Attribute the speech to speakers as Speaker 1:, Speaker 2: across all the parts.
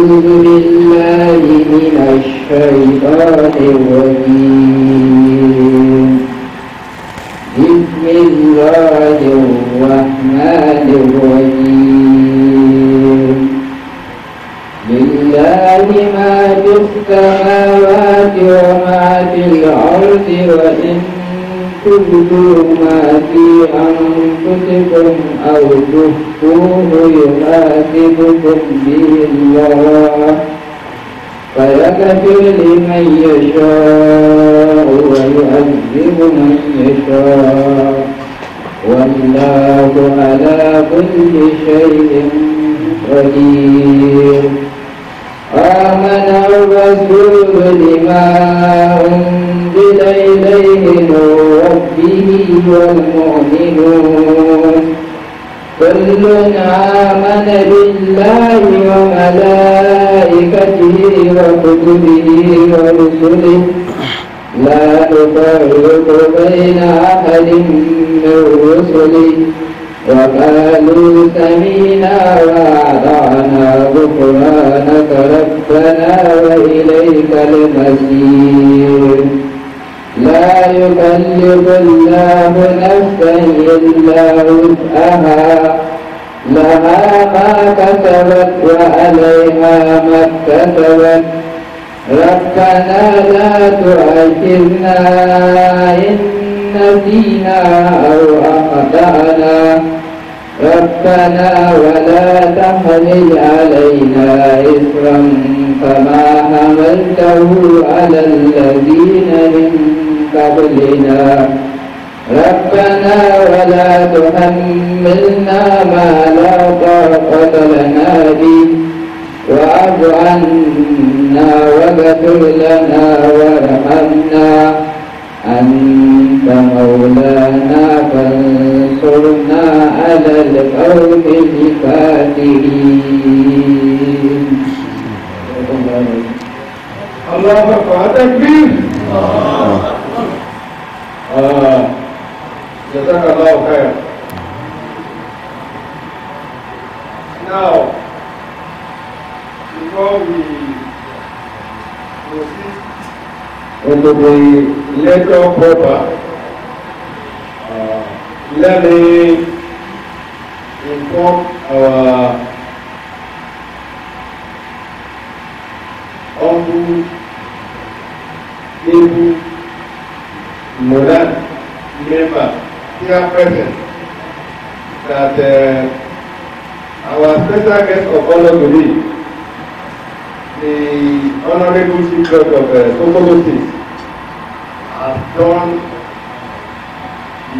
Speaker 1: أعوذ بالله من الشيطان الرجيم بسم الله الرحمن الرحيم لله ما في السماوات وما في الأرض وإن تبدوا ما في أنفسكم أو تخفوه يحاسبكم به الله فيكفر لمن يشاء ويعذب من يشاء والله على كل شيء قدير آمن الرسول بما أنزل إليه من ربه والمؤمنون كل آمن بالله وملائكته وكتبه ورسله لا نفرق بين أحد من رسله وقالوا سمينا وأعطانا غفرانك ربنا وإليك المسير لا يكلف الله نفسا إلا وسعها لها ما كسبت وعليها ما اكتسبت ربنا لا تعجلنا إن نسينا أو أخطأنا ربنا ولا تحمل علينا إثرا كما حملته على الذين من قبلنا ربنا ولا تحملنا ما لا طاقة لنا به واعف عنا واغفر لنا وارحمنا أنت مولانا فانصرنا على القوم الكافرين
Speaker 2: الله أكبر تكبير آه. جزاك الله خير Now, before we into the letter proper, uh, let me inform our humble, able, modern member here present that our special guest of honor today the Honorable Chief Clerk of uh, State has done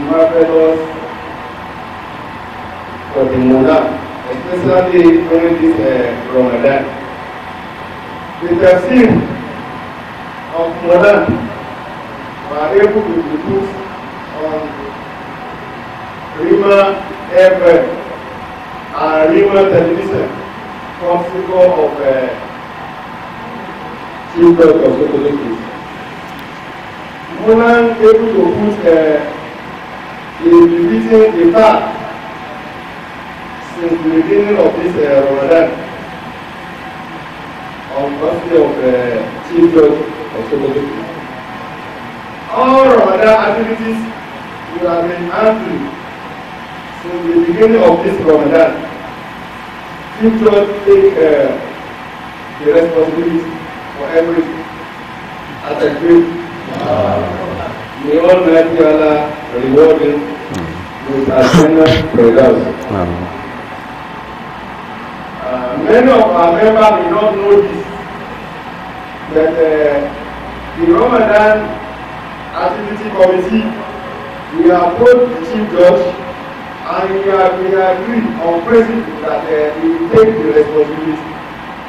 Speaker 2: marvelous for the monarch, especially during this uh, Ramadan. The tafsir of monarch were able to produce on Rima FM and uh, Rima Television, from of uh, see of the collective. Woman able to put uh, a repeating the path since the beginning of this uh, Ramadan on birthday of uh, Chief Judge of Sokoto. All Ramadan activities will have been handled since the beginning of this Ramadan. Chief Judge take uh, the responsibility Emily as a group. May Almighty Allah reward him with Asana Firdaus. prayers. Uh, many of our members may not know this, that uh, the Ramadan Activity Committee, we approached the Chief Judge and we have agreed on principle that uh, we take the responsibility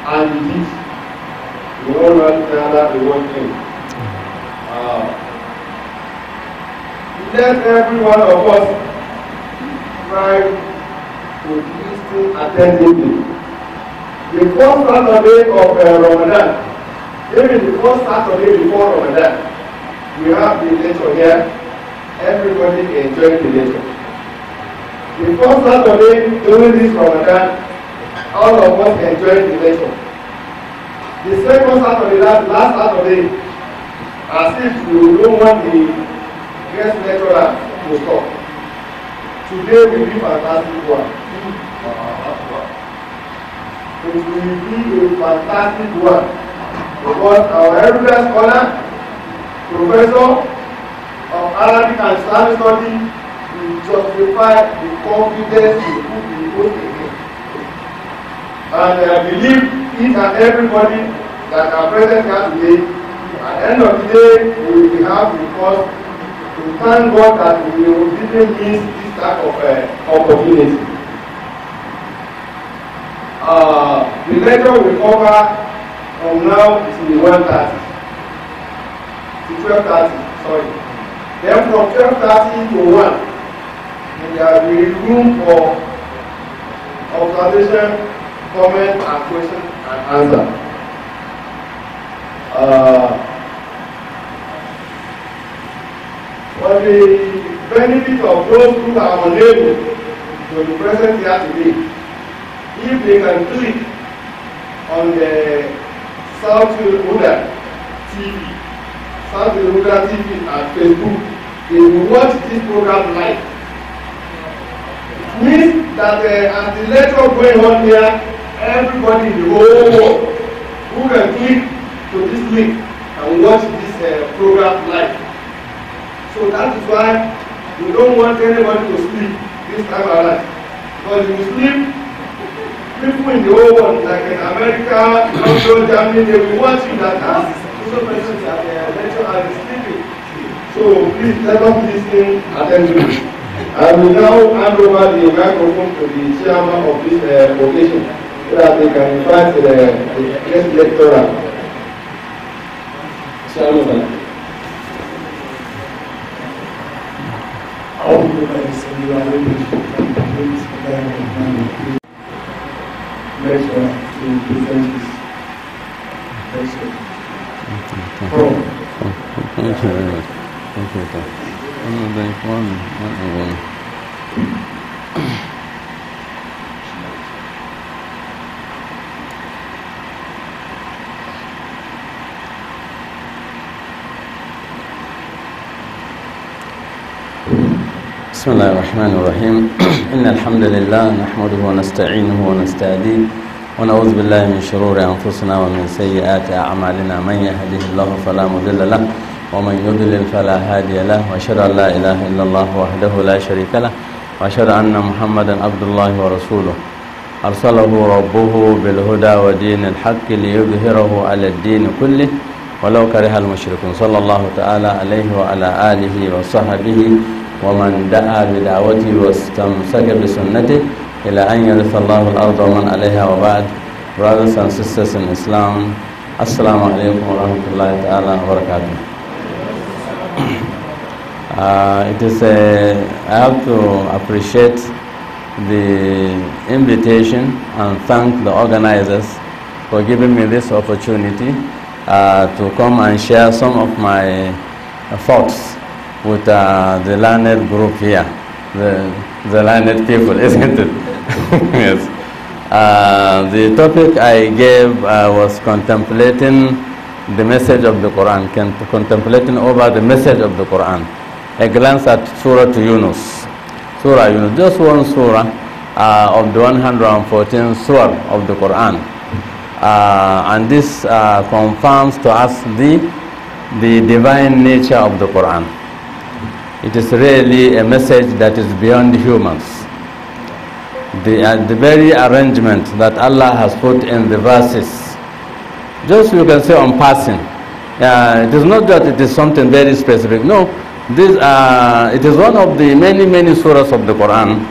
Speaker 2: and the duty. You all right now let every one of us try to listen attentively. The first Saturday of uh, Ramadan, even the first Saturday before Ramadan, we have the lecture here. Everybody enjoy the lecture. The first Saturday during this Ramadan, all of us enjoy the lecture. The second Saturday, last, last Saturday, as if you don't want the guest lecturer to stop. Today will be fantastic one. It will be a fantastic one because our everyday scholar, professor of Arabic and Islamic study will justify the confidence you put in the book again. And I believe each and everybody that are present here today, at the end of the day, we will have the cause to thank God that we will didn't miss this type of uh, opportunity. Uh, the lecture we cover from now is in 1.30 to 12.30, sorry. Then from 12.30 to 1, there will be room for observation, comment, and question answer. Uh, for the benefit of those who are unable to be present here today, if they can click on the Southfield Huda TV, Southfield Huda TV at Facebook, they will watch this program live. It means that uh, at the lecture going on here, everybody in the whole world who can click to this link and watch this uh, program live. So that is why we don't want anybody to sleep this time around. Because if you sleep, people in the whole world, like in America, London, Germany, they will watch you that has ah, social persons eh, that their lecture are sleeping. So please let us listen attentively. I will now hand over the microphone to the chairman of this uh, eh, occasion. pratica infantile ed elettorale. Siamo tanti. Bismillahirrahmanirrahim.
Speaker 3: بسم الله الرحمن الرحيم إن الحمد لله نحمده ونستعينه ونستهديه ونعوذ بالله من شرور أنفسنا ومن سيئات أعمالنا من يهده الله فلا مضل له ومن يضلل فلا هادي له وأشهد أن لا إله إلا الله وحده لا شريك له وأشهد أن محمدا عبد الله ورسوله أرسله ربه بالهدى ودين الحق ليظهره على الدين كله ولو كره المشركون صلى الله تعالى عليه وعلى آله وصحبه ومن دعا بدعوته واستمسك بسنته إلى أن يرث الله الأرض ومن عليها وبعد Brothers and sisters in Islam Assalamu alaikum wa rahmatullahi ta'ala wa uh, It is a, uh, I have to appreciate the invitation and thank the organizers for giving me this opportunity uh, to come and share some of my thoughts with uh, the learned group here, the, the learned people, isn't it? yes. Uh, the topic I gave uh, was contemplating the message of the Quran, contemplating over the message of the Quran. A glance at Surah to Yunus. Surah Yunus, just one surah uh, of the 114 surah of the Quran. Uh, and this uh, confirms to us the, the divine nature of the Quran. It is really a message that is beyond humans. The, uh, the very arrangement that Allah has put in the verses, just you can say on passing, uh, it is not that it is something very specific. No, this, uh, it is one of the many, many surahs of the Quran.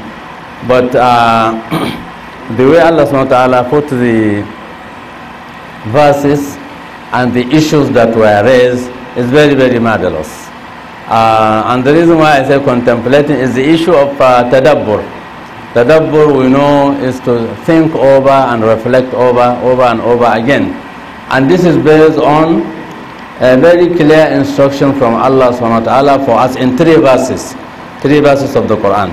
Speaker 3: But uh, the way Allah subhanahu put the verses and the issues that were raised is very, very marvelous. Uh, and the reason why I say contemplating is the issue of uh, tadabbur. Tadabbur, we know, is to think over and reflect over, over and over again. And this is based on a very clear instruction from Allah subhanahu for us in three verses, three verses of the Quran.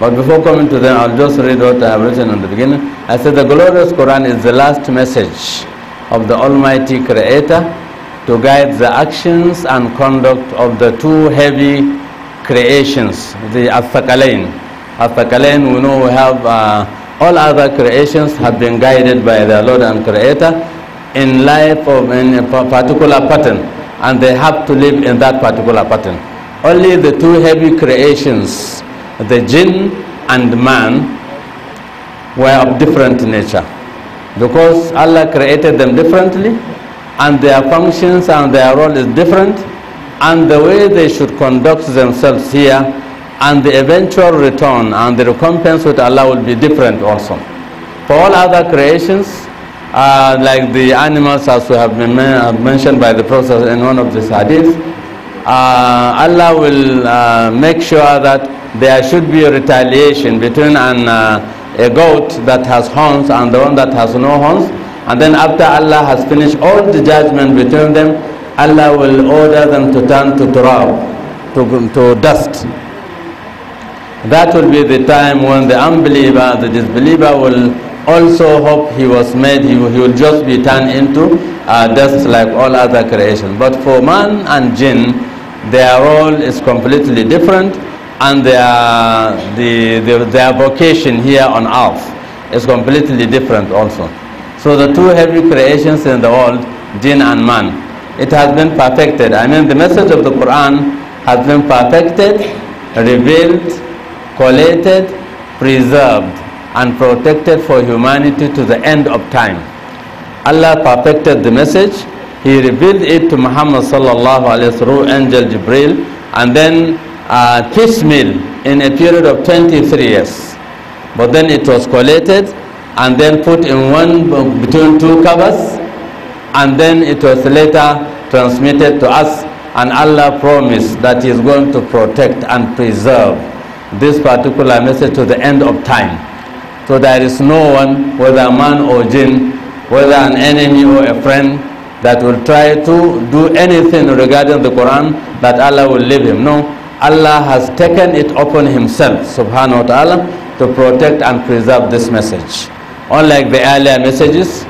Speaker 3: But before coming to them, I'll just read what I have written in the beginning. I said the glorious Quran is the last message of the Almighty Creator to guide the actions and conduct of the two heavy creations, the Athakalain. Athakalain, we know we have uh, all other creations have been guided by their Lord and Creator in life of in a particular pattern, and they have to live in that particular pattern. Only the two heavy creations, the jinn and man, were of different nature because Allah created them differently and their functions and their role is different and the way they should conduct themselves here and the eventual return and the recompense with Allah will be different also. For all other creations, uh, like the animals as we have been mentioned by the Prophet in one of the hadiths, uh, Allah will uh, make sure that there should be a retaliation between an, uh, a goat that has horns and the one that has no horns and then after Allah has finished all the judgment between them, Allah will order them to turn to turab, to, to dust. That will be the time when the unbeliever, the disbeliever will also hope he was made, he, he will just be turned into uh, dust like all other creation. But for man and jinn, their role is completely different and their, the, the, their vocation here on earth is completely different also. So the two heavy creations in the world, jinn and man, it has been perfected. I mean, the message of the Quran has been perfected, revealed, collated, preserved, and protected for humanity to the end of time. Allah perfected the message. He revealed it to Muhammad sallallahu alayhi wasallam through angel Jibril, and then uh, piecemeal in a period of 23 years. But then it was collated and then put in one between two covers and then it was later transmitted to us and Allah promised that he is going to protect and preserve this particular message to the end of time so there is no one whether a man or jinn whether an enemy or a friend that will try to do anything regarding the Quran that Allah will leave him no Allah has taken it upon himself subhanahu wa ta'ala to protect and preserve this message unlike the earlier messages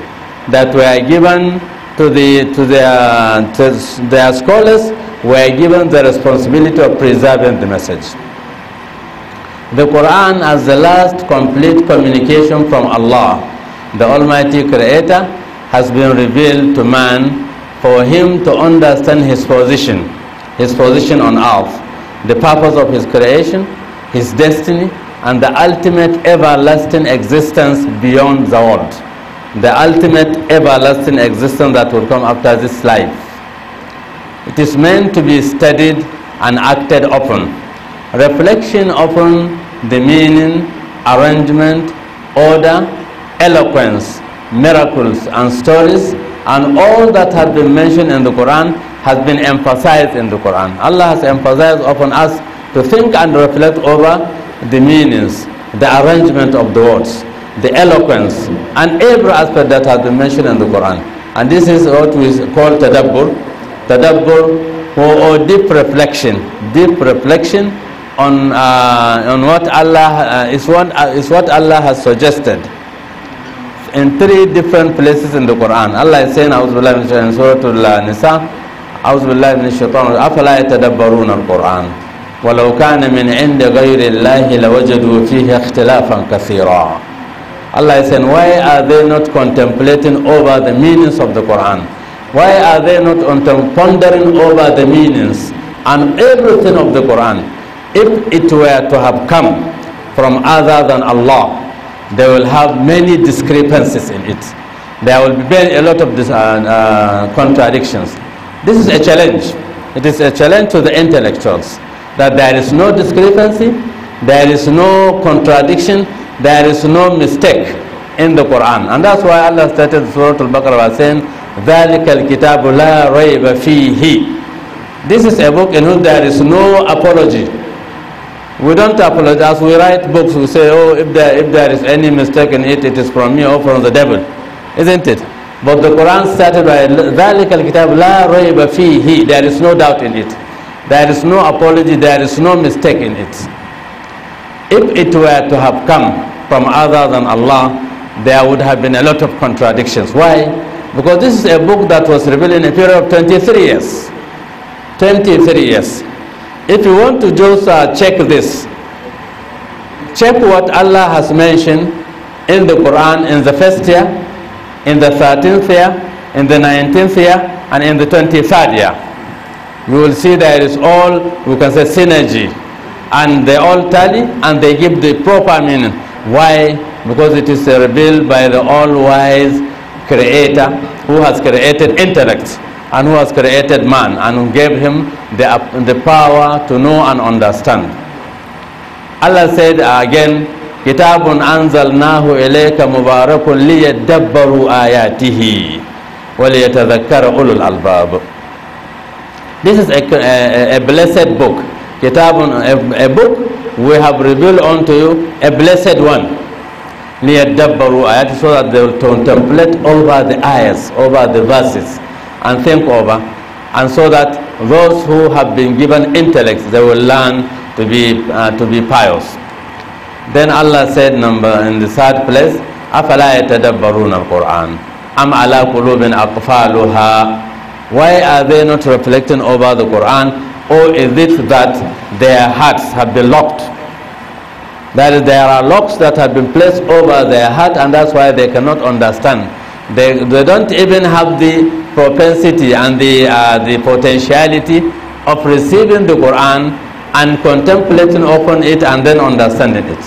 Speaker 3: that were given to, the, to, their, to their scholars, were given the responsibility of preserving the message. The Quran as the last complete communication from Allah, the Almighty Creator, has been revealed to man for him to understand his position, his position on earth, the purpose of his creation, his destiny, and the ultimate everlasting existence beyond the world. The ultimate everlasting existence that will come after this life. It is meant to be studied and acted upon. Reflection upon the meaning, arrangement, order, eloquence, miracles and stories and all that has been mentioned in the Quran has been emphasized in the Quran. Allah has emphasized upon us to think and reflect over the meanings, the arrangement of the words, the eloquence, and every aspect that has been mentioned in the Quran. And this is what we call tadabbur. Tadabbur or, or deep reflection. Deep reflection on, uh, on what Allah uh, is, what, uh, is what Allah has suggested in three different places in the Quran. Allah is saying, "A'uzubillah min shaitan Surah Al-Nisa, A'uzubillah min shaitan, afala yatadabbaruna al-Quran." walau kana min inda ghairi Allah lawajadu fihi ikhtilafan kathira Allah is saying why are they not contemplating over the meanings of the Quran why are they not pondering over the meanings and everything of the Quran if it were to have come from other than Allah they will have many discrepancies in it there will be a lot of this, uh, uh, contradictions this is a challenge it is a challenge to the intellectuals that there is no discrepancy, there is no contradiction, there is no mistake in the Quran. And that's why Allah started Surah Al-Baqarah by saying, ذَلِكَ الْكِتَابُ لَا رَيْبَ فِيهِ This is a book in which there is no apology. We don't apologize. We write books, we say, oh, if there, if there is any mistake in it, it is from me or from the devil. Isn't it? But the Quran started by ذَلِكَ الْكِتَابُ لَا رَيْبَ فِيهِ There is no doubt in it. There is no apology, there is no mistake in it. If it were to have come from other than Allah, there would have been a lot of contradictions. Why? Because this is a book that was revealed in a period of 23 years. 23 years. If you want to just uh, check this, check what Allah has mentioned in the Quran in the first year, in the 13th year, in the 19th year, and in the 23rd year. you will see there is all we can say synergy and they all tally and they give the proper meaning why because it is revealed by the all-wise creator who has created intellect and who has created man and who gave him the, the power to know and understand allah said again kitabun anzalnahu ilayka mubarakun liyadabbaru ayatihi وليتذكر أولو الألباب This is a, a, a blessed book. Kitabun, a, a, book we have revealed unto you, a blessed one. لِيَدَّبَّرُوا ayat So that they will contemplate over the ayahs, over the verses, and think over. And so that those who have been given intellects, they will learn to be, uh, to be pious. Then Allah said number in the third place, أَفَلَا يَتَدَبَّرُونَ الْقُرْآنَ أَمْ عَلَى قُلُوبٍ أَقْفَالُهَا why are they not reflecting over the Quran? Or is it that their hearts have been locked? That there are locks that have been placed over their heart, and that's why they cannot understand. They, they don't even have the propensity and the, uh, the potentiality of receiving the Quran and contemplating upon it and then understanding it.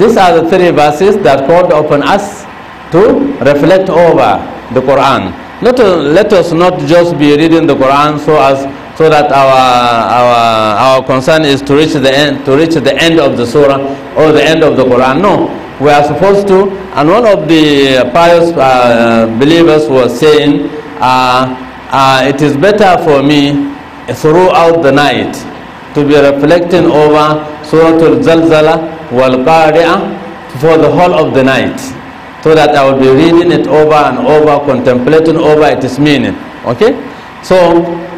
Speaker 3: These are the three verses that called upon us to reflect over the Quran. Not, uh, let us not just be reading the Quran so as so that our our our concern is to reach the end to reach the end of the surah or the end of the Quran. No, we are supposed to. And one of the pious uh, believers was saying, uh, uh "It is better for me throughout the night to be reflecting over Surah Al-Zalzala wal for the whole of the night." so that I will be reading it over and over, contemplating over its meaning. Okay? So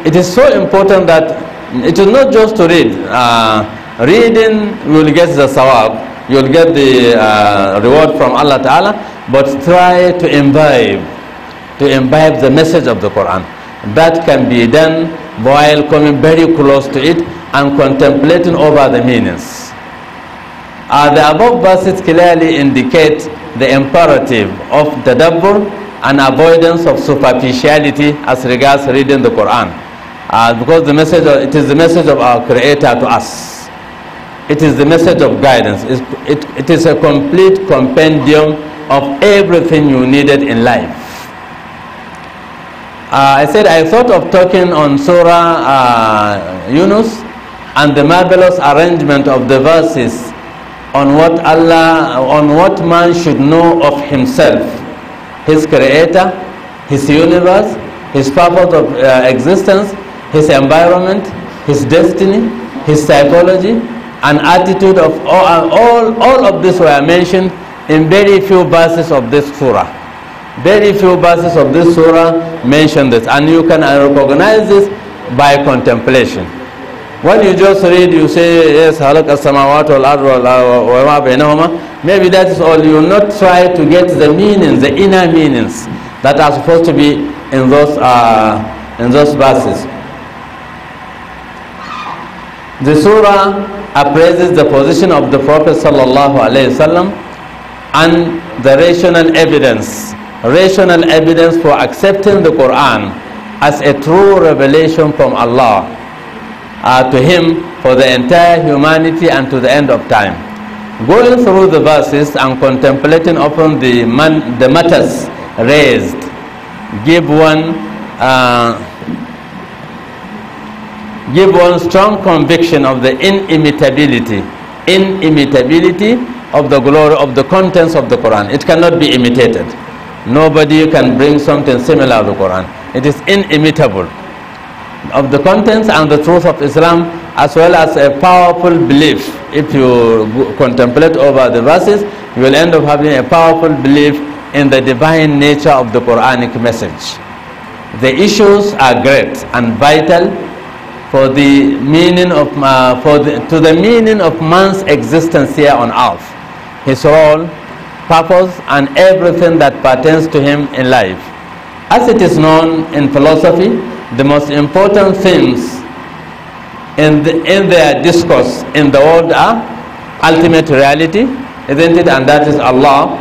Speaker 3: it is so important that it is not just to read. Uh, reading will get the sawab, you'll get the uh, reward from Allah Ta'ala, but try to imbibe, to imbibe the message of the Quran. That can be done while coming very close to it and contemplating over the meanings. Uh, the above verses clearly indicate the imperative of tadabbur and avoidance of superficiality as regards reading the Quran. Uh, because the message of, it is the message of our Creator to us. It is the message of guidance. It's, it, it is a complete compendium of everything you needed in life. Uh, I said I thought of talking on Surah uh, Yunus and the marvelous arrangement of the verses on what Allah, on what man should know of himself, his creator, his universe, his purpose of uh, existence, his environment, his destiny, his psychology, and attitude of all, all, all of this were mentioned in very few verses of this surah. Very few verses of this surah mention this, and you can recognize this by contemplation. When you just read, you say, yes, halakha samawat wal ma. Maybe that is all. You will not try to get the meanings, the inner meanings that are supposed to be in those, uh, in those verses. The surah appraises the position of the Prophet sallallahu alaihi wasallam and the rational evidence rational evidence for accepting the Quran as a true revelation from Allah uh, to him for the entire humanity and to the end of time. Going through the verses and contemplating upon the, man, the matters raised give one uh, give one strong conviction of the inimitability inimitability of the glory of the contents of the Quran. It cannot be imitated. Nobody can bring something similar to the Quran. It is inimitable of the contents and the truth of Islam as well as a powerful belief. If you contemplate over the verses, you will end up having a powerful belief in the divine nature of the Quranic message. The issues are great and vital for the meaning of uh, for the, to the meaning of man's existence here on earth, his role, purpose, and everything that pertains to him in life. As it is known in philosophy, the most important things in, the, in their discourse in the world are ultimate reality, isn't it? And that is Allah,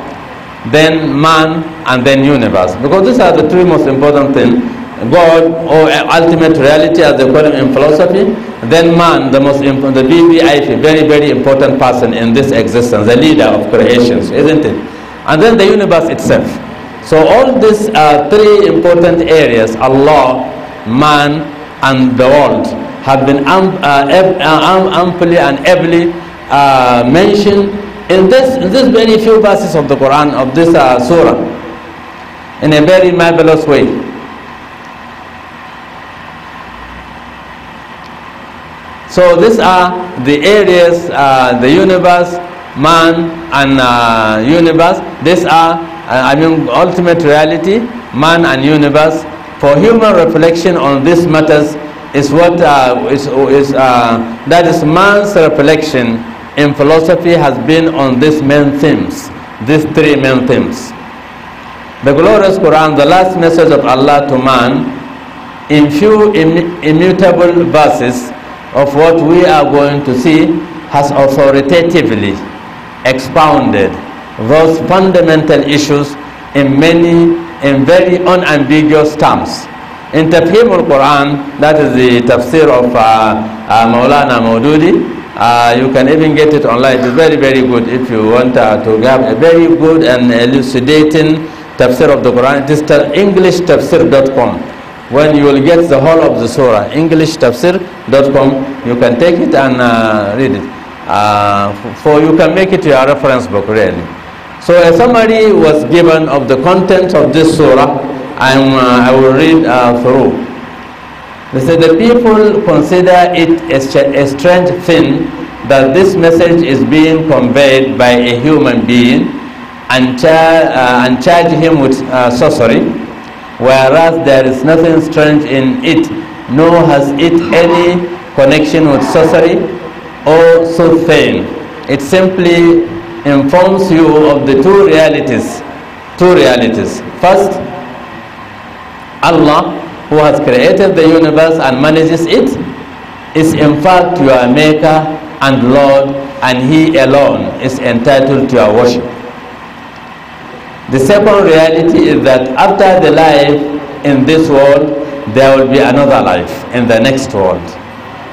Speaker 3: then man, and then universe. Because these are the three most important things. God or ultimate reality as they call him in philosophy, then man, the most important, the BBIP, very, very important person in this existence, the leader of creations, isn't it? And then the universe itself. So all these uh, three important areas, Allah, man, and the world have been um, uh, um, amply and heavily uh, mentioned in this, in this very few verses of the Quran, of this uh, surah, in a very marvelous way. So these are the areas, uh, the universe, man and uh, universe. These are, I mean, ultimate reality, man and universe for human reflection on these matters is what uh, is, is uh, that is man's reflection in philosophy has been on these main themes, these three main themes. The glorious Quran, the last message of Allah to man, in few Im immutable verses of what we are going to see, has authoritatively expounded those fundamental issues in many in very unambiguous terms. In Tafhim al-Quran, that is the tafsir of uh, uh, Maulana Maududi, uh, you can even get it online. It's very, very good if you want uh, to grab a very good and elucidating tafsir of the Quran. It is englishtafsir.com. When you will get the whole of the surah, englishtafsir.com, you can take it and uh, read it. Uh, for you can make it your reference book, really. So a summary was given of the contents of this surah and uh, I will read uh, through. They said the people consider it a, strange thing that this message is being conveyed by a human being and, char uh, and charge him with uh, sorcery whereas there is nothing strange in it nor has it any connection with sorcery or soothsaying. It simply informs you of the two realities. Two realities. First, Allah, who has created the universe and manages it, is in fact your maker and Lord, and He alone is entitled to your worship. The second reality is that after the life in this world, there will be another life in the next world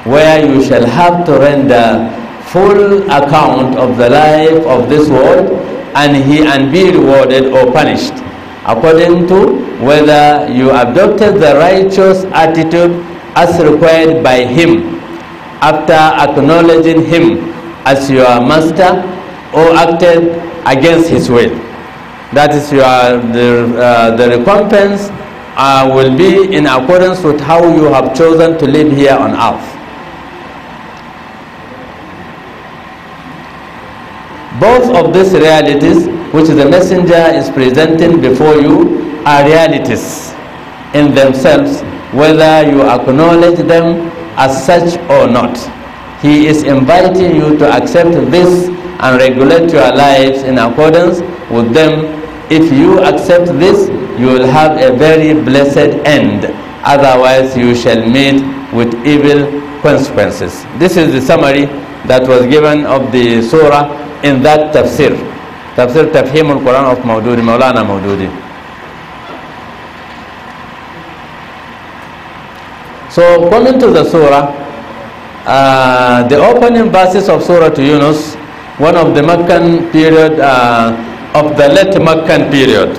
Speaker 3: where you shall have to render full account of the life of this world and he and be rewarded or punished according to whether you adopted the righteous attitude as required by him after acknowledging him as your master or acted against his will that is your the, uh, the recompense uh, will be in accordance with how you have chosen to live here on earth Both of these realities which the messenger is presenting before you are realities in themselves, whether you acknowledge them as such or not. He is inviting you to accept this and regulate your lives in accordance with them. If you accept this, you will have a very blessed end. Otherwise, you shall meet with evil consequences. This is the summary that was given of the surah in that tafsir. Tafsir Tafhim al-Quran of Maududi, Maulana Maududi. So coming to the surah, uh, the opening verses of Surah to Yunus, one of the Meccan period, uh, of the late Meccan period.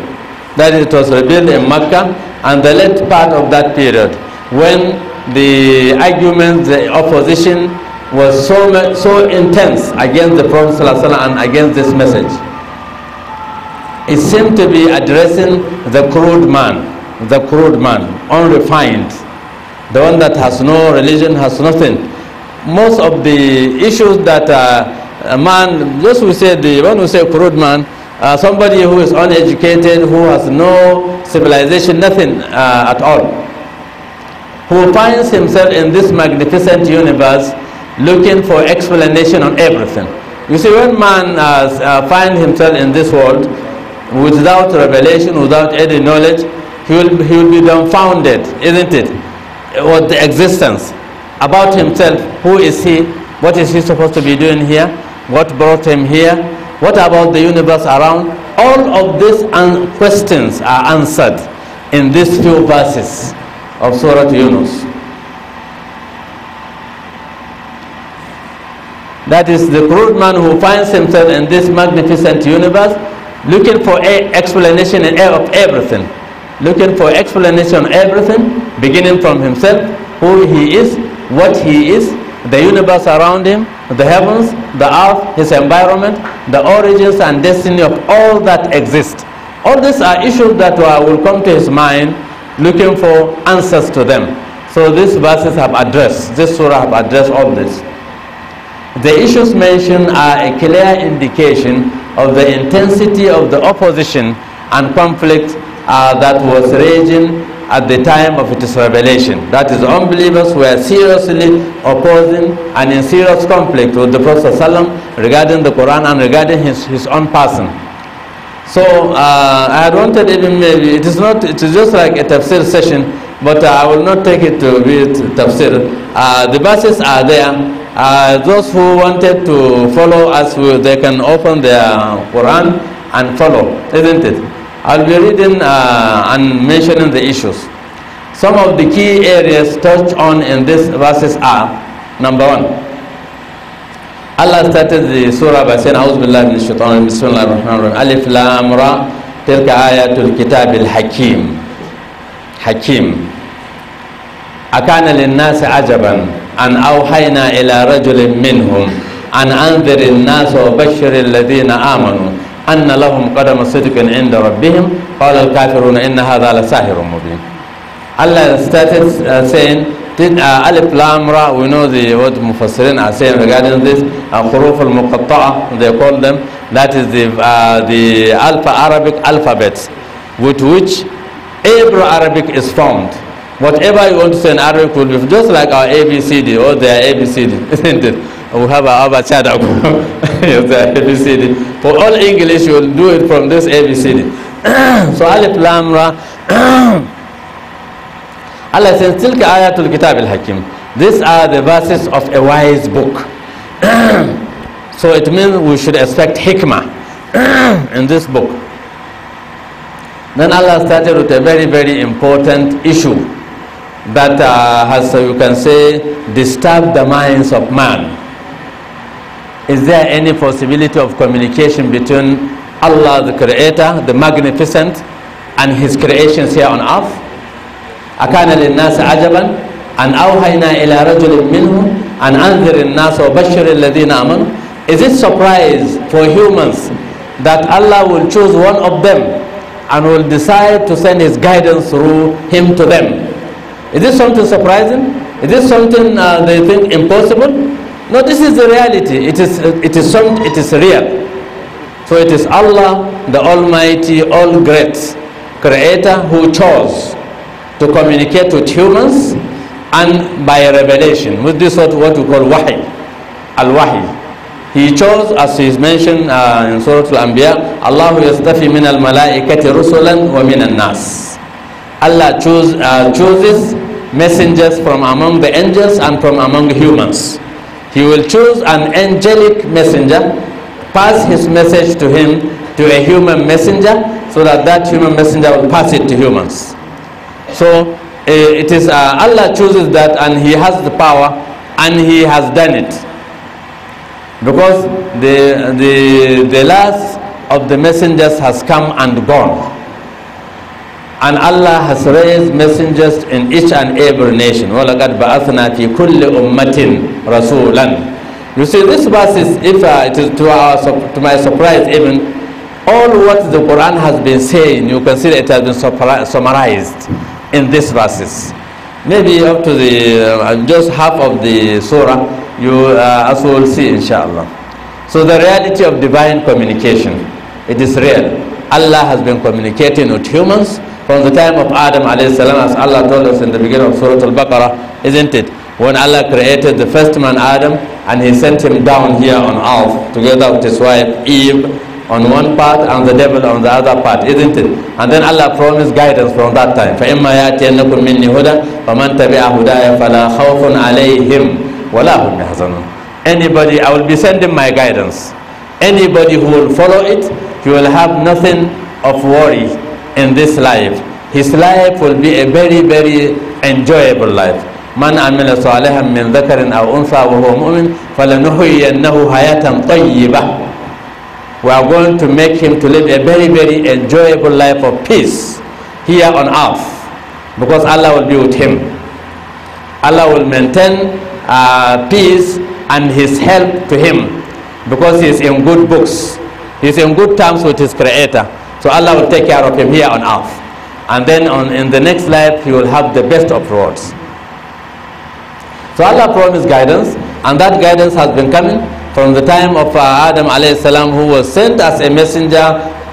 Speaker 3: That it was revealed in Mecca and the late part of that period when the arguments, the opposition was so, so intense against the Prophet and against this message. It seemed to be addressing the crude man, the crude man, unrefined, the one that has no religion, has nothing. Most of the issues that uh, a man, just we say the one who say crude man, uh, somebody who is uneducated, who has no civilization, nothing uh, at all, who finds himself in this magnificent universe looking for explanation on everything. You see, when man has, uh, finds himself in this world without revelation, without any knowledge, he will, he will be dumbfounded, isn't it? What the existence about himself. Who is he? What is he supposed to be doing here? What brought him here? What about the universe around? All of these questions are answered in these few verses of Surah Yunus. That is the crude man who finds himself in this magnificent universe looking for a explanation of everything. Looking for explanation of everything, beginning from himself, who he is, what he is, the universe around him, the heavens, the earth, his environment, the origins and destiny of all that exist. All these are issues that will come to his mind looking for answers to them. So these verses have addressed, this surah have addressed all this. The issues mentioned are a clear indication of the intensity of the opposition and conflict uh, that was raging at the time of its revelation. That is, unbelievers were seriously opposing and in serious conflict with the Prophet ﷺ regarding the Quran and regarding his, his own person. So uh, I wanted even maybe, it is not, it is just like a tafsir session, but uh, I will not take it to be tafsir. Uh, the verses are there uh, those who wanted to follow us, they can open their Quran and follow, isn't it? I'll be reading uh, and mentioning the issues. Some of the key areas touched on in these verses are number one, Allah started the surah by saying, A'udhu billahi min shaitan bismillah ar-Rahman Alif lam ra tilka ayatul kitab al-hakim. Hakim. Akana lin-nasi أن أوحينا إلى رجل منهم أن أنذر الناس وبشر الذين آمنوا أن لهم قدم صدق عند ربهم قال الكافرون إن هذا لساحر مبين Allah started saying did, uh, Alif Lam Ra we know the word Mufassirin are saying regarding this uh, Khuruf al-Muqatta'a they call them that is the, uh, the Alpha Arabic alphabets with which every Arabic is formed Whatever you want to say in Arabic will be just like our ABCD or oh, their ABCD, isn't it? We have our Abachada their ABCD. For all English, you will do it from this ABCD. so Alif Lam Allah says, Tilka ayatul kitab al-hakim. These are the verses of a wise book. so it means we should expect hikmah in this book. Then Allah started with a very, very important issue that uh, has, so you can say, disturbed the minds of man? Is there any possibility of communication between Allah, the Creator, the Magnificent, and His creations here on earth? أكان للناس عجبا أن أوحينا إلى رجل منهم أن أنذر الناس وبشر الذين آمنوا Is it surprise for humans that Allah will choose one of them and will decide to send His guidance through him to them? Is this something surprising? Is this something uh, they think impossible? No, this is the reality. It is, uh, it is, some, it is real. So it is Allah, the Almighty, All Great Creator, who chose to communicate with humans and by revelation, with this what, what we call wahi, al-wahi. He chose, as is mentioned uh, in Surah Al-Anbiya, Allah yastafi min al-malaikati rusulan wa min al-nas. Allah choose, uh, chooses messengers from among the angels and from among humans. He will choose an angelic messenger, pass his message to him to a human messenger, so that that human messenger will pass it to humans. So uh, it is uh, Allah chooses that, and He has the power, and He has done it. Because the the the last of the messengers has come and gone. And Allah has raised messengers in each and every nation. وَلَقَدْ بَعَثْنَا You see, this verse is, if uh, it is to, our, to my surprise even, all what the Quran has been saying, you can see it has been summarized in these verses. Maybe up to the, uh, just half of the surah, you uh, as will see, inshallah. So the reality of divine communication, it is real. Allah has been communicating with humans from the time of Adam alayhi salam as Allah told us in the beginning of Surah Al-Baqarah isn't it when Allah created the first man Adam and he sent him down here on earth together with his wife Eve on one part and the devil on the other part isn't it and then Allah promised guidance from that time فَإِمَّا يَأْتِيَنَّكُم مِّنِّي هُدًى فَمَنْ تَبِعَ هُدَايَ فَلَا خَوْفٌ عَلَيْهِمْ وَلَا هُمْ يَحْزَنُونَ anybody I will be sending my guidance anybody who will follow it he will have nothing of worry in this life his life will be a very very enjoyable life من عمل صالحا من ذكر أو أنثى وهو مؤمن فلنحيينه حياة طيبة We are going to make him to live a very very enjoyable life of peace here on earth because Allah will be with him. Allah will maintain uh, peace and his help to him because he is in good books. He is in good terms with his creator. So Allah will take care of him here on earth. And then on, in the next life, he will have the best of rewards. So Allah promised guidance, and that guidance has been coming from the time of uh, Adam salam, who was sent as a messenger,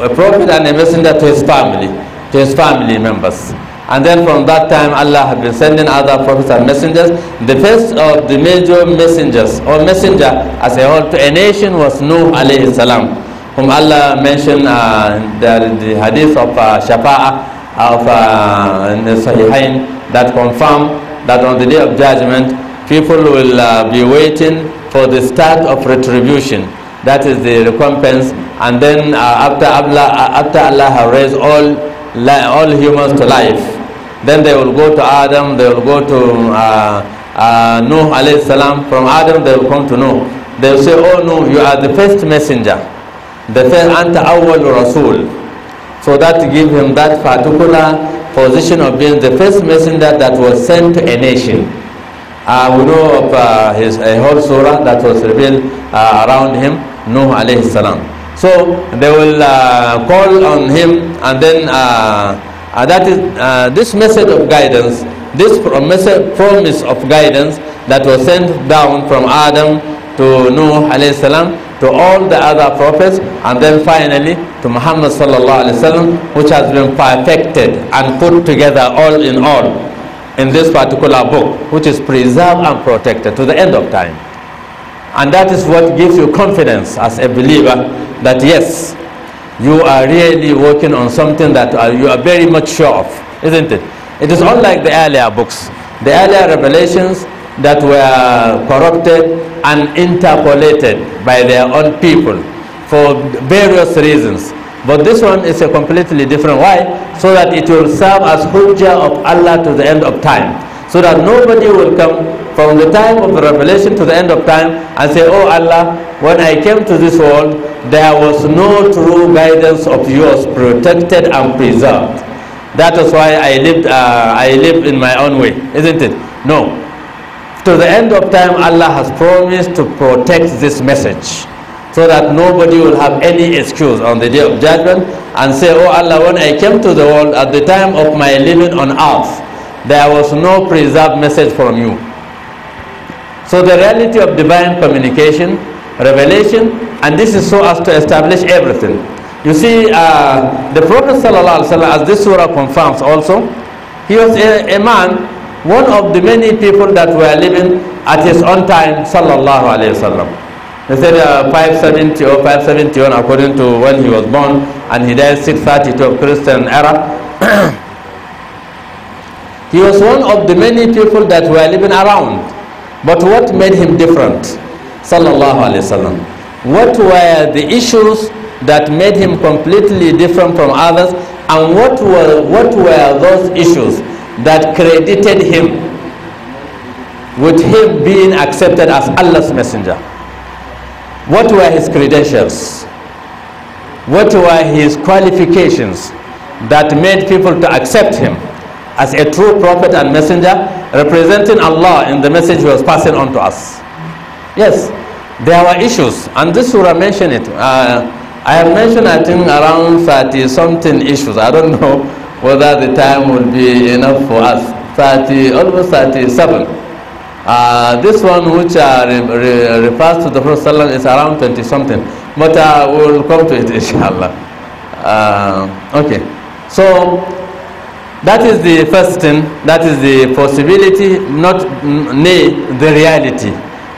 Speaker 3: a prophet and a messenger to his family, to his family members. And then from that time, Allah has been sending other prophets and messengers. The first of the major messengers or messenger as a whole to a nation was Nuh alayhi salam whom Allah mentioned uh, the, the, hadith of uh, Shafa'ah of uh, Sahihain that confirm that on the day of judgment people will uh, be waiting for the start of retribution that is the recompense and then uh, after, Allah, uh, after Allah has raised all, all humans to life then they will go to Adam they will go to uh, uh, Nuh alayhi salam from Adam they will come to Nuh they will say oh Nuh you are the first messenger The first Anta awwal Rasul. So that give him that particular position of being the first messenger that was sent to a nation. Uh, we know of uh, his a whole surah that was revealed uh, around him, Nuh alayhi salam. So they will uh, call on him and then uh, uh, that is this message of guidance, this promise of guidance that was sent down from Adam to Nuh alayhi salam, to all the other prophets, and then finally to Muhammad sallallahu alayhi which has been perfected and put together all in all in this particular book, which is preserved and protected to the end of time. And that is what gives you confidence as a believer that yes, you are really working on something that uh, you are very much sure of, isn't it? It is unlike the earlier books. The earlier revelations that were corrupted, and interpolated by their own people for various reasons. But this one is a completely different way so that it will serve as hujjah of Allah to the end of time. So that nobody will come from the time of the revelation to the end of time and say, Oh Allah, when I came to this world, there was no true guidance of yours protected and preserved. That is why I lived, uh, I lived in my own way, isn't it? No, to the end of time, Allah has promised to protect this message so that nobody will have any excuse on the day of judgment and say, Oh Allah, when I came to the world at the time of my living on earth, there was no preserved message from you. So the reality of divine communication, revelation, and this is so as to establish everything. You see, uh, the Prophet ﷺ, as this surah confirms also, he was a, a man one of the many people that were living at his own time, sallallahu alayhi wasallam. He said uh, 570 or 571 according to when he was born, and he died 632 of Christian era. he was one of the many people that were living around. But what made him different? Sallallahu alayhi wasallam. What were the issues that made him completely different from others, and what were what were those issues that credited him with him being accepted as Allah's messenger. What were his credentials? What were his qualifications that made people to accept him as a true prophet and messenger representing Allah in the message he was passing on to us? Yes, there were issues, and this surah mentioned it. Uh, I have mentioned, I think, around 30 something issues. I don't know whether the time will be enough for us 30 almost 37 uh, this one which uh, re re refers to the Prophet is around 20 something but uh, we will come to it inshallah uh, okay so that is the first thing that is the possibility not nay the reality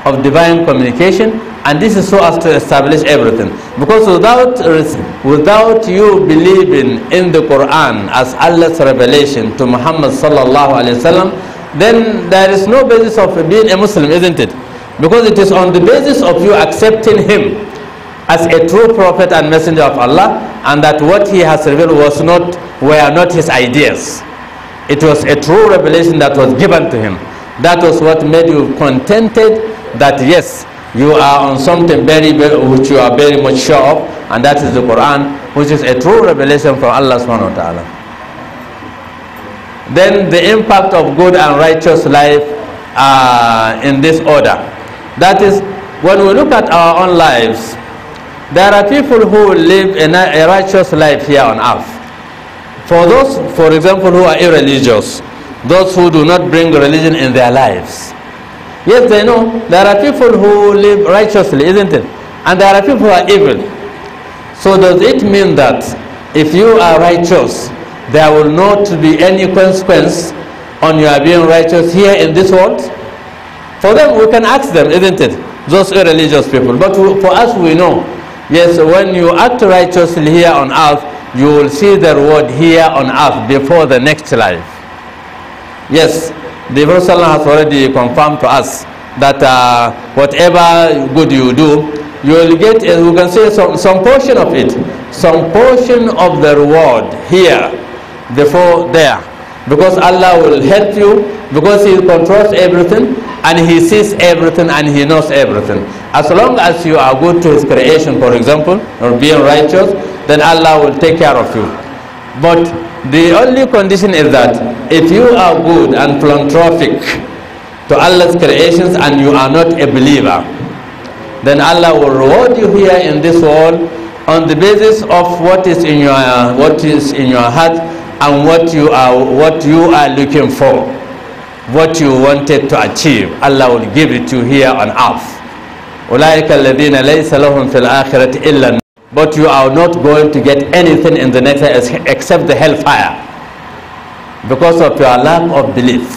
Speaker 3: of divine communication and this is so as to establish everything because without without you believing in the quran as allah's revelation to muhammad sallallahu alaihi wasallam then there is no basis of being a muslim isn't it because it is on the basis of you accepting him as a true prophet and messenger of allah and that what he has revealed was not were not his ideas it was a true revelation that was given to him that was what made you contented that yes, you are on something very, very which you are very much sure of, and that is the Quran, which is a true revelation from Allah subhanahu wa ta'ala. Then the impact of good and righteous life uh, in this order. That is, when we look at our own lives, there are people who live a, a righteous life here on earth. For those, for example, who are irreligious, those who do not bring religion in their lives, Yes, they know there are people who live righteously, isn't it? And there are people who are evil. So does it mean that if you are righteous, there will not be any consequence on your being righteous here in this world? For them, we can ask them, isn't it? Those irreligious people. But for us, we know. Yes, when you act righteously here on earth, you will see the reward here on earth before the next life. Yes, The Prophet has already confirmed to us that uh, whatever good you do, you will get, uh, you can say, some, some portion of it, some portion of the reward here, before there. Because Allah will help you, because He controls everything, and He sees everything, and He knows everything. As long as you are good to His creation, for example, or being righteous, then Allah will take care of you. But the only condition is that if you are good and philanthropic to Allah's creations and you are not a believer, then Allah will reward you here in this world on the basis of what is in your what is in your heart and what you are what you are looking for, what you wanted to achieve. Allah will give it to you here on earth. أولئك الذين ليس لهم في الآخرة إلا but you are not going to get anything in the next except the hellfire because of your lack of belief.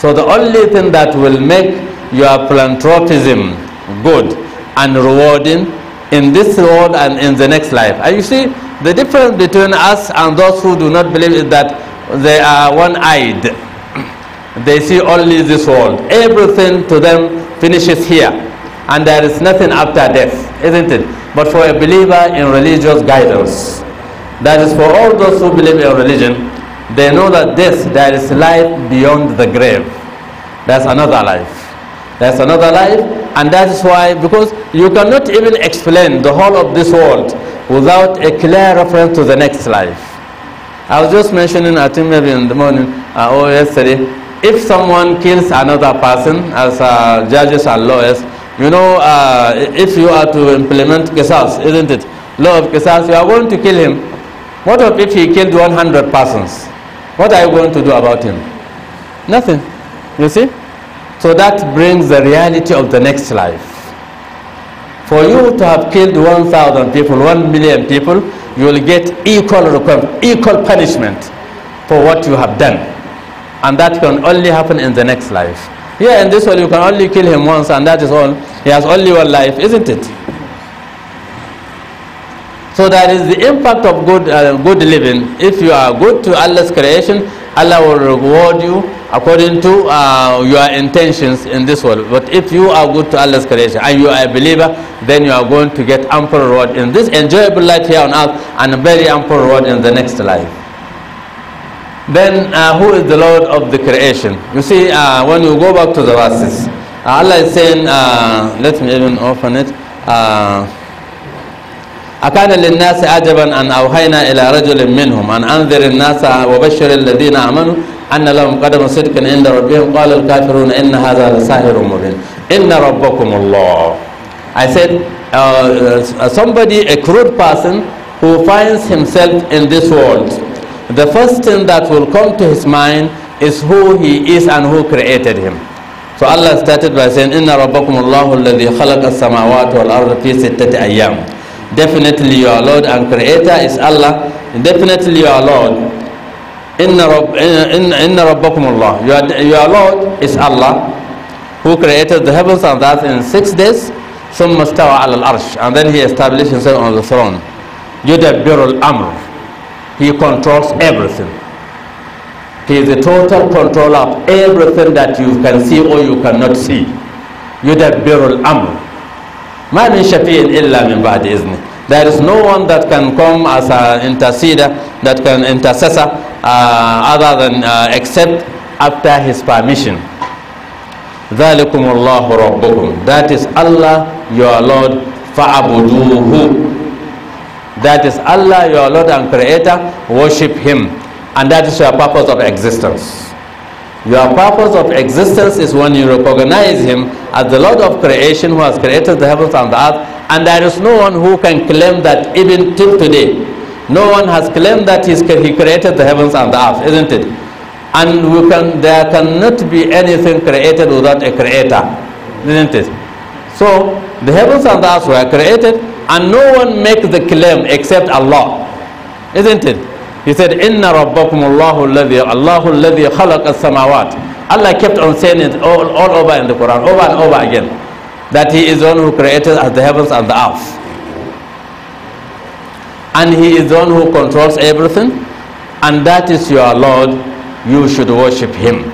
Speaker 3: So the only thing that will make your philanthropism good and rewarding in this world and in the next life. And you see, the difference between us and those who do not believe is that they are one-eyed. They see only this world. Everything to them finishes here. And there is nothing after death, isn't it? But for a believer in religious guidance, that is for all those who believe in religion, they know that this, there is life beyond the grave. There's another life. There's another life, and that is why, because you cannot even explain the whole of this world without a clear reference to the next life. I was just mentioning, I think maybe in the morning uh, or yesterday, if someone kills another person, as uh, judges and lawyers, you know, uh, if you are to implement Qisas, isn't it? Law of you are going to kill him. What if he killed 100 persons? What are you going to do about him? Nothing. You see? So that brings the reality of the next life. For you to have killed 1,000 people, 1 million people, you will get equal, equal punishment for what you have done. And that can only happen in the next life. Here in this world, you can only kill him once, and that is all. He has only one life, isn't it? So that is the impact of good, uh, good living. If you are good to Allah's creation, Allah will reward you according to uh, your intentions in this world. But if you are good to Allah's creation and you are a believer, then you are going to get ample reward in this enjoyable life here on earth and very ample reward in the next life. Then uh, who is the Lord of the creation? You see, uh, when you go back to the verses, uh, Allah is saying, uh, let me even open it. أكان للناس عجبا أن أوحينا إلى رجل منهم أن أنذر الناس وبشر الذين آمنوا أن لهم قدم صدق عند ربهم قال الكافرون إن هذا لساحر مبين إن ربكم الله I said uh, uh, somebody a crude person who finds himself in this world the first thing that will come to his mind is who he is and who created him. So Allah started by saying, Inna rabbakum Allahu alladhi khalaqa samawati wal ardi fi sittati ayyam. Definitely your Lord and Creator is Allah. Definitely your Lord. Inna, Rabb, inna, inna rabbakum Allah. Your, your Lord is Allah who created the heavens and that earth in six days. Summa stawa al arsh, and then he established himself on the throne. al amr. He controls everything. He is the total controller of everything that you can see or you cannot see. You الأمر ما من شفيع إلا من بعد إذنه there is no one that can come as an interceder, that can intercessor, uh, other than uh, except after his permission. That is Allah, your Lord, فَعَبُدُوهُ that is Allah, your Lord and Creator, worship Him. And that is your purpose of existence. Your purpose of existence is when you recognize Him as the Lord of creation who has created the heavens and the earth. And there is no one who can claim that even till today. No one has claimed that He created the heavens and the earth, isn't it? And we can, there cannot be anything created without a creator, isn't it? So the heavens and the earth were created and no one makes the claim except Allah. Isn't it? He said, Inna Rabbakum Allahu alladhi, Allahu Ladi, khalaq as-samawat. Allah kept on saying it all, all over in the Quran, over and over again, that He is the one who created the heavens and the earth. And He is the one who controls everything, and that is your Lord. You should worship Him.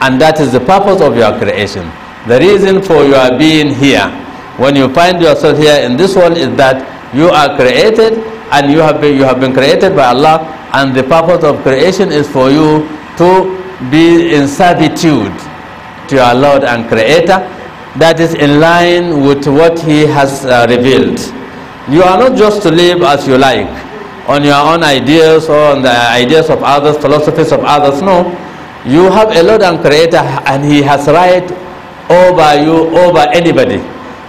Speaker 3: And that is the purpose of your creation. The reason for your being here when you find yourself here in this world is that you are created and you have been, you have been created by Allah and the purpose of creation is for you to be in servitude to your Lord and Creator that is in line with what he has uh, revealed. You are not just to live as you like on your own ideas or on the ideas of others, philosophies of others. No, you have a Lord and Creator and he has right over you, over anybody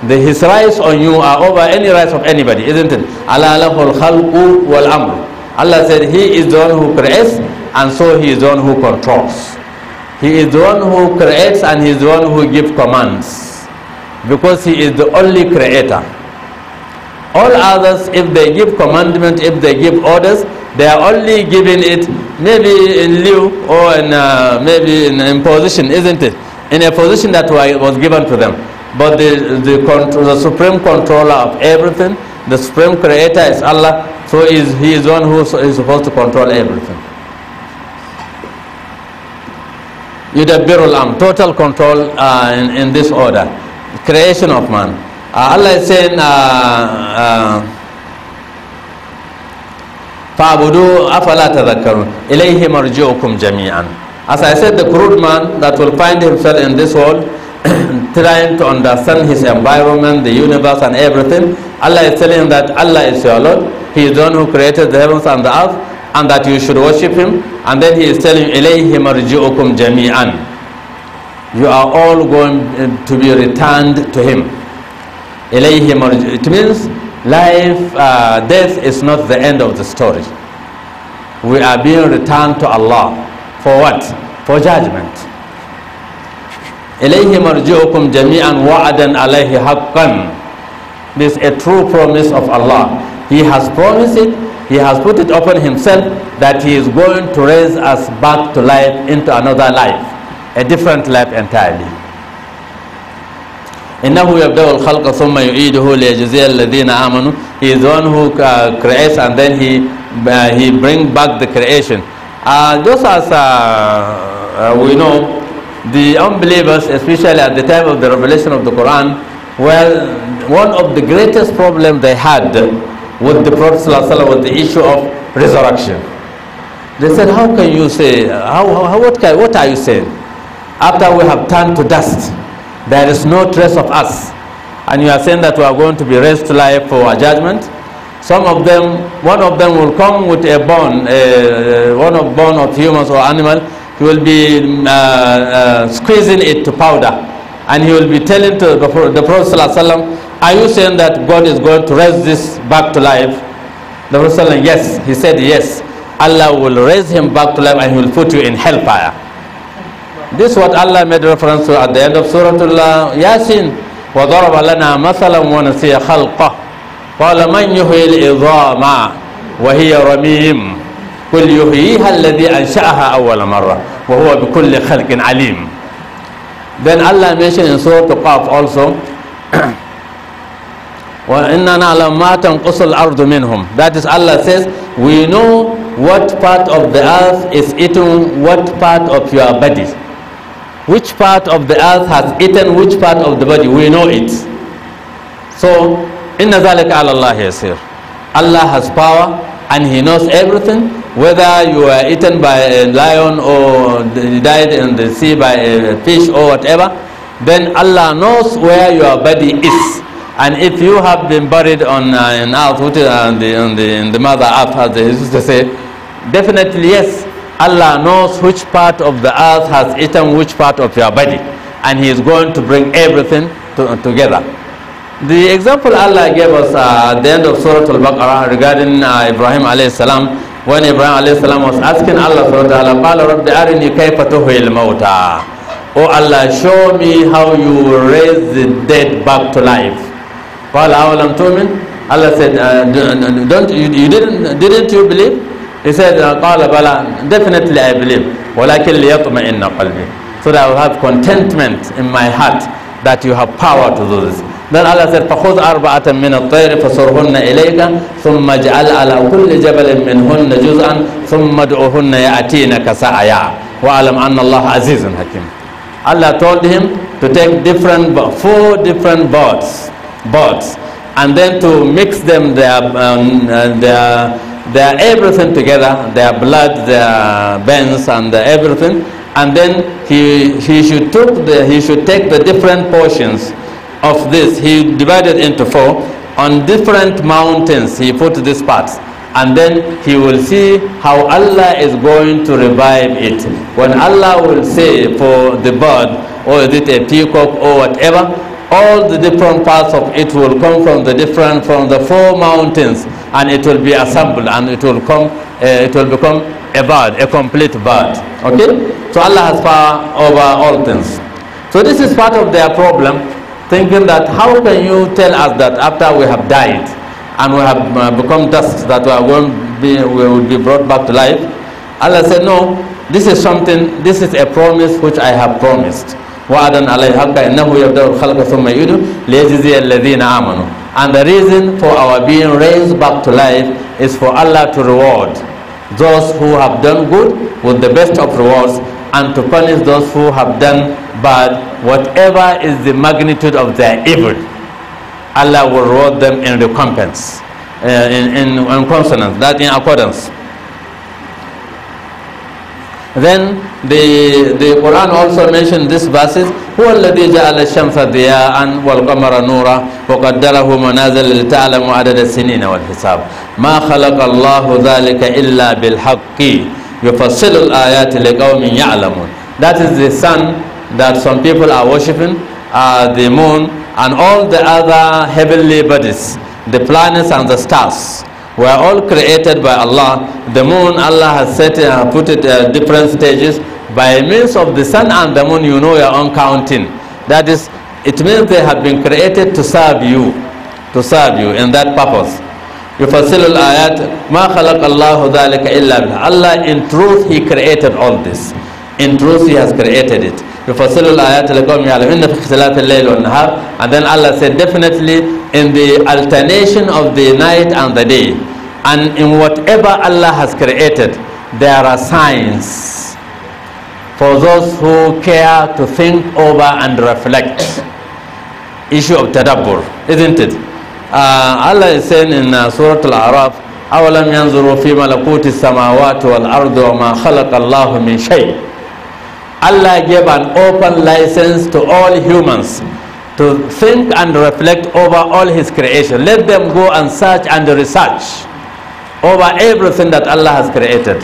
Speaker 3: the, his rights on you are over any rights of anybody, isn't it? Allah wal Allah said He is the one who creates and so He is the one who controls. He is the one who creates and He is the one who gives commands because He is the only creator. All others, if they give commandment, if they give orders, they are only giving it maybe in lieu or in, uh, maybe in, imposition position, isn't it? In a position that was given to them. But the, the, control, the supreme controller of everything, the supreme creator is Allah, so he is, he is one who is supposed to control everything. Yudabbirul Am, total control uh, in, in this order, creation of man. Uh, Allah is saying, uh, فَعَبُدُوا أَفَلَا تَذَكَّرُونَ إِلَيْهِ مَرْجِعُكُمْ As I said, the crude man that will find himself in this world trying to understand his environment, the universe, and everything, Allah is telling him that Allah is your Lord. He is the one who created the heavens and the earth, and that you should worship him. And then he is telling Ilayhi jami'an. You are all going uh, to be returned to him. It means life, uh, death is not the end of the story. We are being returned to Allah. For what? For judgment. إليه مرجعكم جميعا وعدا عليه حقا This is a true promise of Allah. He has promised it, He has put it upon Himself that He is going to raise us back to life into another life, a different life entirely. إنه يبدأ الخلق ثم يعيده ليجزي الذين آمنوا He is the one who uh, creates and then he, uh, he brings back the creation. Uh, just as we know, the unbelievers, especially at the time of the revelation of the Quran, were one of the greatest problems they had with the Prophet ﷺ was the issue of resurrection. They said, how can you say, how, how, what, can, what are you saying? After we have turned to dust, there is no trace of us. And you are saying that we are going to be raised to life for a judgment. Some of them, one of them will come with a bone, a, one of bone of humans or animal, he will be uh, uh, squeezing it to powder and he will be telling to the, the Prophet sallam, are you saying that God is going to raise this back to life? The Prophet sallam, yes, he said yes. Allah will raise him back to life and he will put you in hellfire. This is what Allah made reference to at the end of Surah yasin وضرب لنا مثلا ونسي خلقه قال من يحيي العظام وهي رميم قل يحييها الذي أنشأها أول مرة وهو بكل خلق عليم Then Allah mentioned in Surah Qaf also وَإِنَّنَا لَمَّا تَنْقُصُ الْأَرْضُ مِنْهُمْ That is Allah says we know what part of the earth is eaten what part of your body which part of the earth has eaten which part of the body we know it so إِنَّ ذَلِكَ عَلَى اللَّهِ يَسِيرٌ Allah has power and he knows everything whether you were eaten by a lion or died in the sea by a fish or whatever, then Allah knows where your body is. And if you have been buried on uh, an earth, which on uh, the, the, in the mother earth, as they used to say, definitely yes, Allah knows which part of the earth has eaten which part of your body. And He is going to bring everything to, uh, together. The example Allah gave us uh, at the end of Surah Al-Baqarah regarding uh, Ibrahim alayhi salam, when Ibrahim alayhi salam was asking Allah subhanahu wa ta'ala, Rabbi arini kayfa tuhil mauta. Oh Allah, show me how you raise the dead back to life. Allah said, uh, don't, you, you, didn't, didn't you believe? He said, uh, Allah, definitely I believe. وَلَكِنْ لِيَطْمَئِنَّ قَلْبِي So that I will have contentment in my heart that you have power to do this. Then Allah said فخذ أربعة من الطير فصرهن إليك ثم اجعل على كل جبل منهن جزءا ثم ادعوهن يأتينك سعيا وأعلم أن الله عزيز حكيم Allah told him to take different four different birds birds and then to mix them their um, their their everything together their blood their veins and their everything and then he he should took the, he should take the different portions of this he divided into four on different mountains he put these parts and then he will see how Allah is going to revive it when Allah will say for the bird or oh, is it a peacock or whatever all the different parts of it will come from the different from the four mountains and it will be assembled and it will come uh, it will become a bird a complete bird okay so allah has power over all things so this is part of their problem thinking that how can you tell us that after we have died and we have uh, become dust that we are going be, we will be brought back to life? Allah said, no, this is something, this is a promise which I have promised. and the reason for our being raised back to life is for Allah to reward those who have done good with the best of rewards and to punish those who have done bad, whatever is the magnitude of their evil, Allah will reward them in recompense, uh, in, in, in consonance, that in accordance. Then the, the Quran also mentioned these verses هو الذي جعل الشمس ضياء والقمر نورا وقدره منازل لتعلموا عدد السنين والحساب ما خلق الله ذلك إلا بالحق يفصل الآيات لقوم ya'lamun that is the sun that some people are worshiping uh, the moon and all the other heavenly bodies the planets and the stars were all created by Allah the moon Allah has set and uh, put it uh, different stages by means of the sun and the moon you know your own counting that is it means they have been created to serve you to serve you in that purpose يفصل الآيات ما خلق الله ذلك إلا بالله Allah in truth he created all this in truth he has created it يفصل الآيات لقوم يعلم إن في اختلاف الليل والنهار and then Allah said definitely in the alternation of the night and the day and in whatever Allah has created there are signs for those who care to think over and reflect issue of tadabbur isn't it Allah ya sani na suratul araf awalam yanzuru fi malakuti samawati wal ardi wa ma khalaqa Allah min shay Allah gave an open license to all humans to think and reflect over all his creation let them go and search and research over everything that Allah has created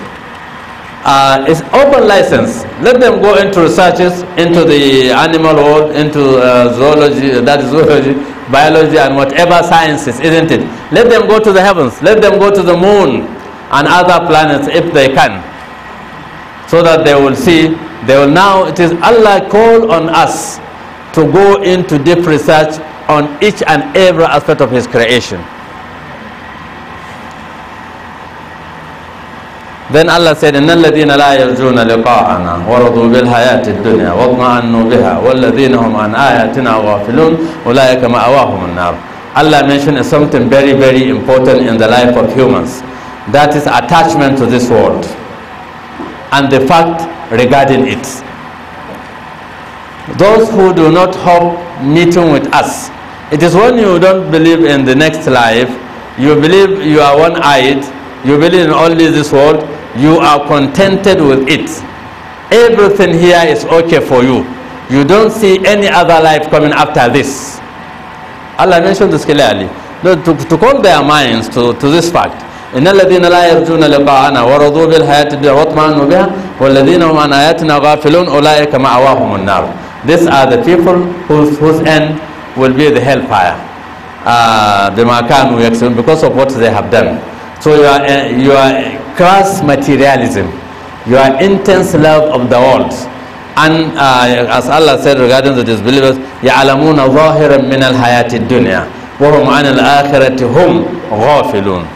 Speaker 3: uh, it's open license. Let them go into researches, into the animal world, into uh, zoology, that is zoology, biology, and whatever sciences, isn't it? Let them go to the heavens. Let them go to the moon and other planets if they can. So that they will see, they will now, it is Allah call on us to go into deep research on each and every aspect of His creation. Then Allah said, إن الذين لا يرجون لقاءنا ورضوا بالحياة الدنيا واطمأنوا Allah mentioned something very very important in the life of humans. That is attachment to this world and the fact regarding it. Those who do not hope meeting with us. It is when you don't believe in the next life, you believe you are one-eyed, you believe in only this world you are contented with it everything here is okay for you you don't see any other life coming after this allah mentioned this clearly no, to, to call their minds to, to this fact إن الذين لا يرجون لقاءنا ورضوا بالحياة الدنيا واطمأنوا بها والذين هم عن آياتنا غافلون أولئك مأواهم النار These are the people whose, whose end will be the hellfire uh, بما كانوا يكسبون because of what they have done So are, uh, are crass materialism, are intense love of the world, and uh, as Allah said regarding the disbelievers, يَعْلَمُونَ ظَاهِرًا مِنَ الْحَيَاةِ الدُّنْيَا وَهُمْ عَنِ الْآخِرَةِ هُمْ غَافِلُونَ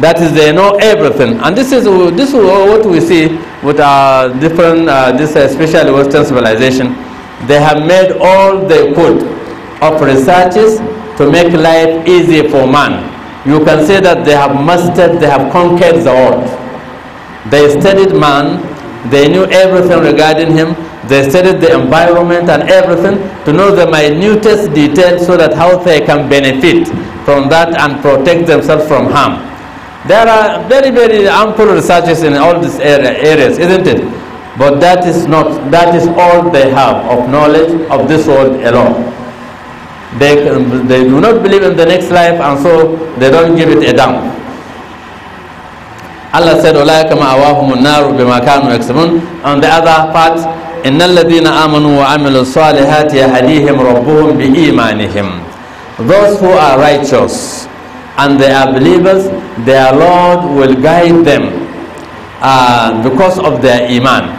Speaker 3: That is, they know everything. And this is, this is what we see with our uh, different, uh, this uh, especially Western civilization. They have made all they could of researches to make life easy for man you can say that they have mastered, they have conquered the world. They studied man, they knew everything regarding him, they studied the environment and everything to know the minutest details so that how they can benefit from that and protect themselves from harm. There are very, very ample researches in all these areas, isn't it? But that is not, that is all they have of knowledge of this world alone. They, they do not believe in the next life and so they don't give it a damn. Allah said, أُولَٰئِكَ مَأْوَاهُمُ النَّارُ بِمَا كَانُوا يَكْسِبُونَ On the other part, إِنَّ الَّذِينَ آمَنُوا وَعَمِلُوا الصَّالِحَاتِ يَهْدِيهِمْ رَبُّهُمْ بِإِيمَانِهِمْ Those who are righteous and they are believers, their Lord will guide them uh, because of their iman.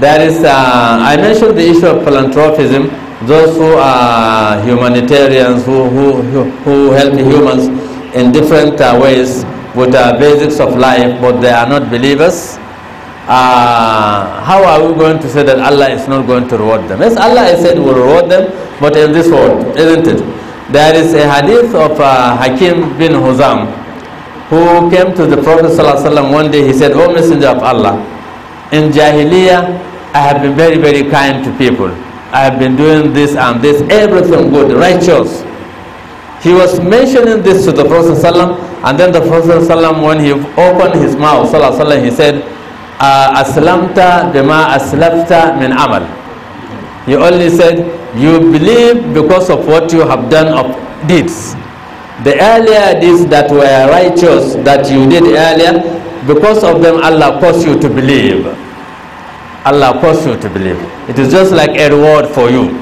Speaker 3: There is, uh, I mentioned the issue of philanthropism those who are humanitarians who, who, who help humans in different uh, ways with the uh, basics of life but they are not believers uh, how are we going to say that Allah is not going to reward them yes Allah I said will reward them but in this world isn't it there is a hadith of uh, Hakim bin Huzam who came to the Prophet ﷺ one day he said oh messenger of Allah in Jahiliyyah I have been very very kind to people I have been doing this and this, everything good, righteous. He was mentioning this to the Prophet ﷺ, and then the Prophet ﷺ, when he opened his mouth, ﷺ, he said, uh, Aslamta bima aslafta min amal. He only said, you believe because of what you have done of deeds. The earlier deeds that were righteous that you did earlier, because of them Allah caused you to believe. Allah caused you to believe. It is just like a reward for you,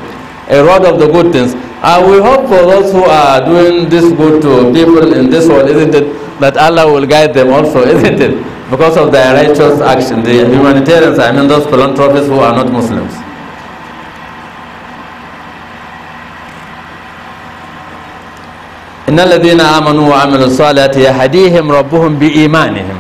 Speaker 3: a reward of the good things. And uh, we hope for those who are doing this good to people in this world, isn't it? That Allah will guide them also, isn't it? Because of their righteous action, the humanitarians, I mean those philanthropists who are not Muslims. إن الذين آمنوا وعملوا الصالحات يهديهم ربهم بإيمانهم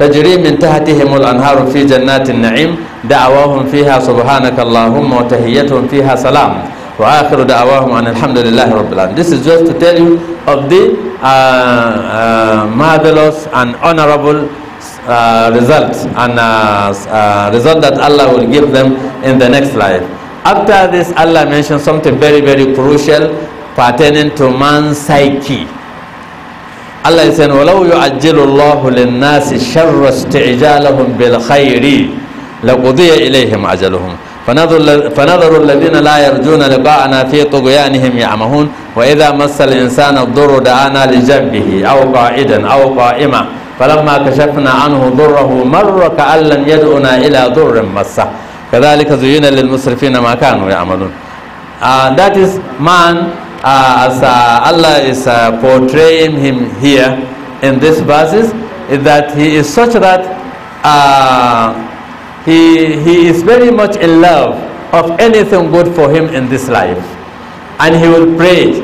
Speaker 3: تجري من تحتهم الأنهار في جنات النعيم دعواهم فيها سبحانك اللهم وتهيتهم فيها سلام وآخر دعواهم أن الحمد لله رب العالمين This is just to tell you of the uh, uh, marvelous and honorable uh, result and uh, uh, result that Allah will give them in the next life. After this Allah mentioned something very very crucial pertaining to man's psyche. الله يسأل ولو يعجل الله للناس شر استعجالهم بالخير لقضي إليهم عجلهم فنظر الذين لا يرجون لقاءنا في طغيانهم يعمهون وإذا مس الإنسان الضر دعانا لجنبه أو قائدا أو قائما فلما كشفنا عنه ضره مر كأن لم يدعنا إلى ضر مسه كذلك زين للمسرفين ما كانوا يعملون uh, that is man uh, as uh, Allah is uh, portraying him here in this verses is that he is such that uh, he, he is very much in love of anything good for him in this life and he will pray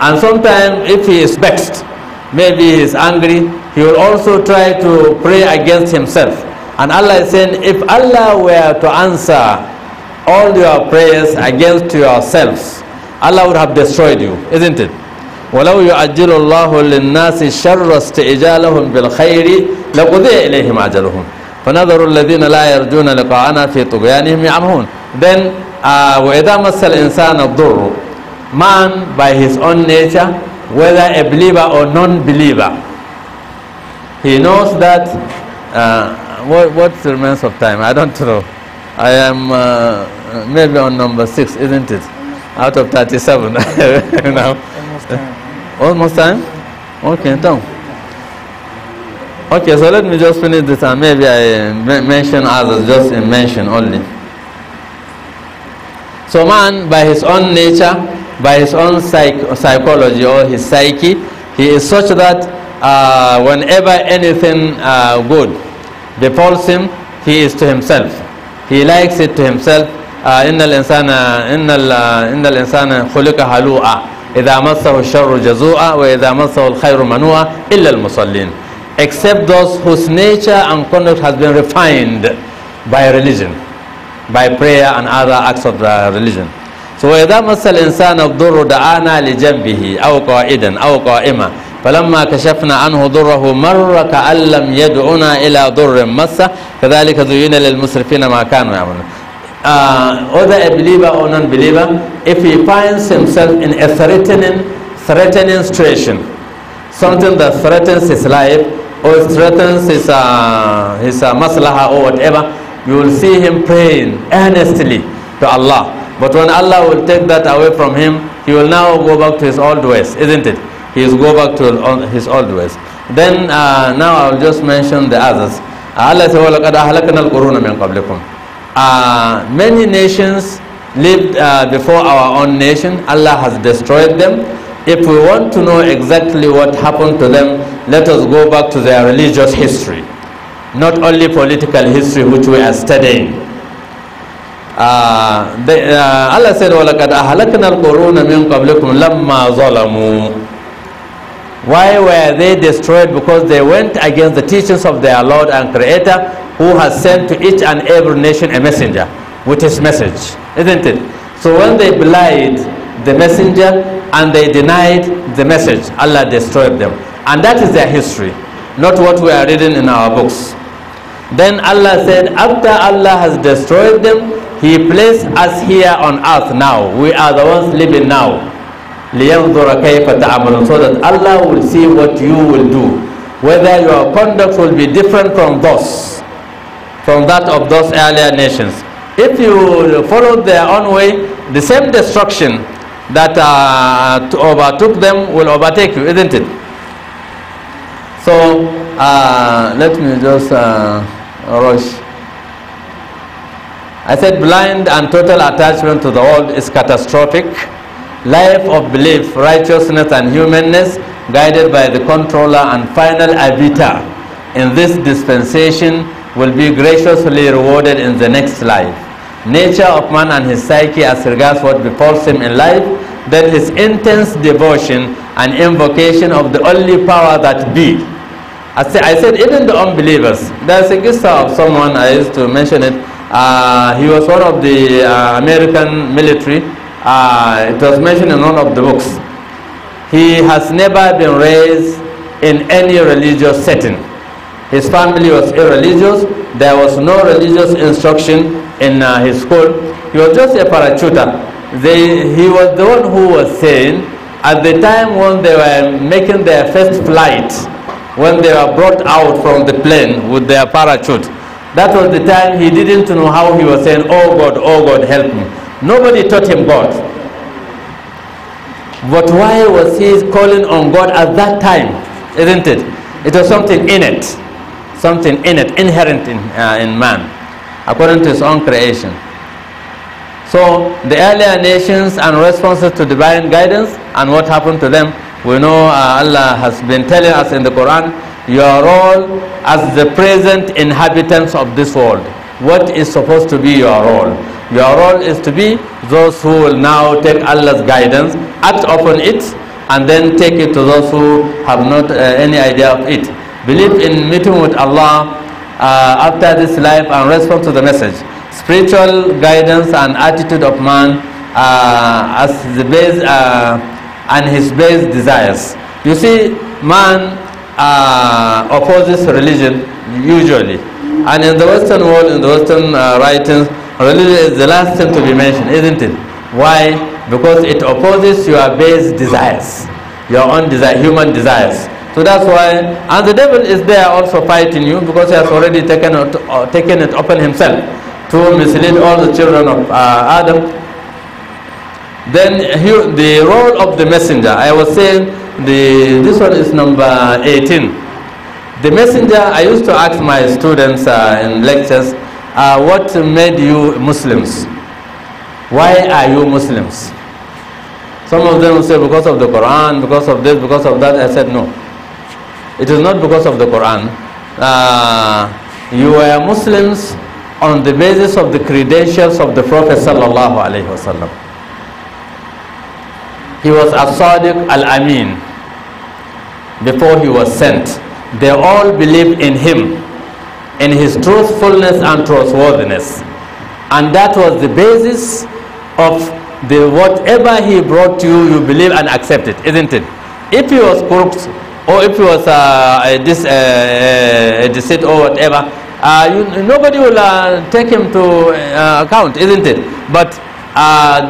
Speaker 3: and sometimes if he is vexed maybe he is angry he will also try to pray against himself and Allah is saying if Allah were to answer all your prayers against yourselves Allah would have destroyed you, isn't it? ولو يعجل الله للناس شر استعجالهم بالخير لقضي إليهم عجلهم فنظر الذين لا يرجون لقاءنا في طغيانهم يعمهون then uh, وإذا مس الإنسان الضر man by his own nature whether a believer or non-believer he knows that uh, what, what remains of time I don't know I am uh, maybe on number six isn't it out of 37 now. Almost time. Almost time? Okay, Tom. Okay, so let me just finish this and maybe I eh, mention others, just mention only. So man, by his own nature, by his own psych psychology or his psyche, he is such that uh, whenever anything uh, good befalls him, he is to himself. He likes it to himself آه، إن الإنسان إن إن الإنسان خلق هلوعا إذا مسه الشر جزوعا وإذا مسه الخير منوعا إلا المصلين except those whose nature and conduct has been refined by religion by prayer and other acts of the religion so وإذا مس الإنسان الضر دعانا لجنبه أو قائدا أو قائما فلما كشفنا عنه ضره مر كأن لم يدعنا إلى ضر مسه كذلك زين للمسرفين ما كانوا يعملون uh, whether a believer or non-believer, if he finds himself in a threatening, threatening situation, something that threatens his life or threatens his, uh, his uh, maslaha or whatever, you will see him praying earnestly to Allah. But when Allah will take that away from him, he will now go back to his old ways, isn't it? He will go back to his old ways. Then uh, now I will just mention the others. Uh, Allah says, وَلَقَدْ أَهْلَكْنَا الْقُرُونَ مِنْ قَبْلِكُمْ uh, many nations lived uh, before our own nation. Allah has destroyed them. If we want to know exactly what happened to them, let us go back to their religious history, not only political history, which we are studying. Uh, they, uh, Allah said, وَلَقَدْ أَهْلَكْنَا الْقُرُونَ مِنْ قَبْلِكُمْ لَمَّا ظَلَمُوا Why were they destroyed? Because they went against the teachings of their Lord and Creator who has sent to each and every nation a messenger with his message, isn't it? So when they belied the messenger and they denied the message, Allah destroyed them. And that is their history, not what we are reading in our books. Then Allah said, after Allah has destroyed them, He placed us here on earth now. We are the ones living now. So that Allah will see what you will do. Whether your conduct will be different from those from that of those earlier nations. If you follow their own way, the same destruction that uh, overtook them will overtake you, isn't it? So uh, let me just uh, rush. I said blind and total attachment to the world is catastrophic. Life of belief, righteousness and humanness guided by the controller and final arbiter in this dispensation will be graciously rewarded in the next life. Nature of man and his psyche as regards what befalls him in life, then his intense devotion and invocation of the only power that be. I, I said, even the unbelievers. There's a gist of someone, I used to mention it. Uh, he was one of the uh, American military. Uh, it was mentioned in one of the books. He has never been raised in any religious setting his family was irreligious. There was no religious instruction in uh, his school. He was just a parachuter. They, he was the one who was saying, at the time when they were making their first flight, when they were brought out from the plane with their parachute, that was the time he didn't know how he was saying, Oh God, oh God, help me. Nobody taught him God. But why was he calling on God at that time? Isn't it? It was something in it something in it, inherent in, uh, in man, according to his own creation. So the earlier nations and responses to divine guidance and what happened to them, we know uh, Allah has been telling us in the Quran, your role as the present inhabitants of this world. What is supposed to be your role? Your role is to be those who will now take Allah's guidance, act upon it, and then take it to those who have not uh, any idea of it. Believe in meeting with Allah uh, after this life and respond to the message. Spiritual guidance and attitude of man uh, as the base uh, and his base desires. You see, man uh, opposes religion usually, and in the Western world, in the Western uh, writings, religion is the last thing to be mentioned, isn't it? Why? Because it opposes your base desires, your own desire, human desires. So that's why, and the devil is there also fighting you because he has already taken it, uh, taken it upon himself to mislead all the children of uh, Adam. Then he, the role of the messenger, I was saying the, this one is number 18. The messenger, I used to ask my students uh, in lectures, uh, what made you Muslims? Why are you Muslims? Some of them will say, because of the Quran, because of this, because of that. I said, no. It is not because of the Quran. Uh, you were Muslims on the basis of the credentials of the Prophet sallallahu alaihi wasallam. He was a sadiq al-Amin before he was sent. They all believed in him, in his truthfulness and trustworthiness. And that was the basis of the whatever he brought to you, you believe and accept it, isn't it? If he was crooked, or if it was uh, this, uh, uh deceit or whatever, uh, you, nobody will uh, take him to account, isn't it? But